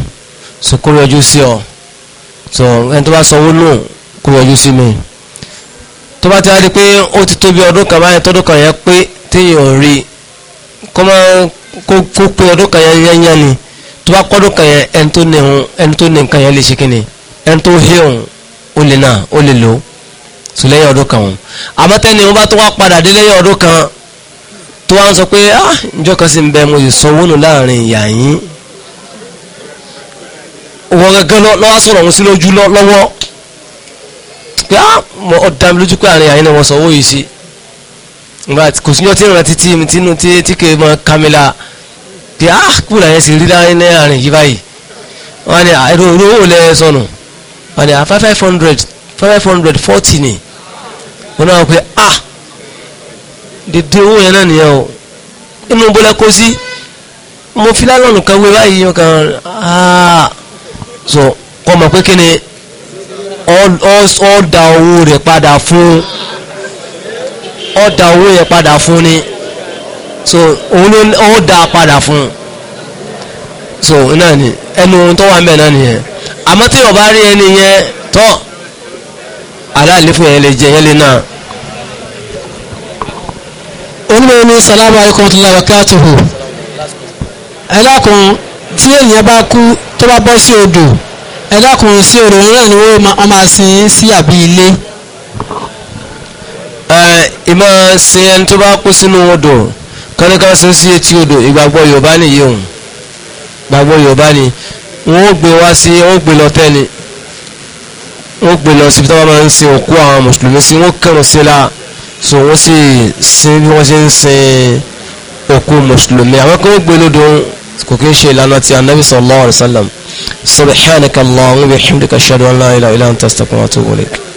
so kó yọjú sí ọ so ẹni tó bá sọ owó nù kó yọjú sí mi tó bá ti wá di pé ó ti tó ọdún kan báyìí tọdún kan yẹn pé téèyàn rí i kọ́mọ kó pé ọdún kan yẹn yẹn yẹn ni tó bá kọ́dún kan yẹn ẹni tó ní hun ẹni tó ní nǹkan yẹn lè ṣe kí ni ẹni tó hí hun ó lè náà ó lè lò sùn lẹ́yìn ọdún kan hun àmọ́ tẹ́ni wọ́n bá tó wá padà dé lẹ́yìn ọdún kan tó wá ń sọ pé ah njọ́ kan sì ń bẹ mo sì sọ owó nù láàrin ìyá yín wọ́n gẹ́gẹ́ lọ́wọ́ sọ̀rọ̀ òun sí lójú lọ́wọ́ pé ah mo pé àárín ìyá yín ni wọ́n sọ owó yìí sí nígbà kò síjọ́ tí ìrántí tí mi tínú tí tí kò mọ kamila kí á ah, kú làyẹn sì rí láyé ní àárín yìí báyìí wọ́n ní àìrò ah, owó lẹ sọnù wọ́n ní àfa ah, five hundred five hundred forty ni wọ́n náà pé a dèdè owó yẹn náà nìyẹn o inú bọ́lá kó sí mo fi lálọ́nù kan wé báyìí yóò kàn áá so kọ́ mọ̀ pé kí ni ọ́ da owó rẹ̀ padà fún un ó da owó yẹn padà fún ni so òun ló ó da padà fún so náà ni ẹnu ohun tó wà ń bẹ̀ náà nìyẹn àmọ́ tí ọba rí ẹni yẹn tọ́ aláàlífò yẹn lè jẹ yẹn lè náà. onímọ̀ ní salamu alaykum tó lọ́wọ́ káàtùhù ẹlẹ́kùn tí èèyàn bá kú tó bá bọ́ sí odò ẹlẹ́kùn sí odò náà ni wọ́n máa sin sí àbí ilé ìmọ̀ sin ẹni tó bá kú sínú odò kọ́nìkan sí sí etí odò ìgbàgbọ́ yorùbá nìyí òun gbàgbọ́ yorùbá ni wọ́n ó gbé wá sí wọ́n ó gbé lọ tẹ́ni wọ́n ó gbé lọ síbi tí wọ́n máa ń sin òkú àwọn mùsùlùmí sí wọ́n kẹrùn sí la so wọ́n sì sin bí wọ́n ṣe ń sin òkú mùsùlùmí àwọn kan ó gbé lódò kò kí ń ṣe ìlànà ti anabi sallallahu alayhi wa sallam subhanaka allahumma wa bihamdika ashhadu an la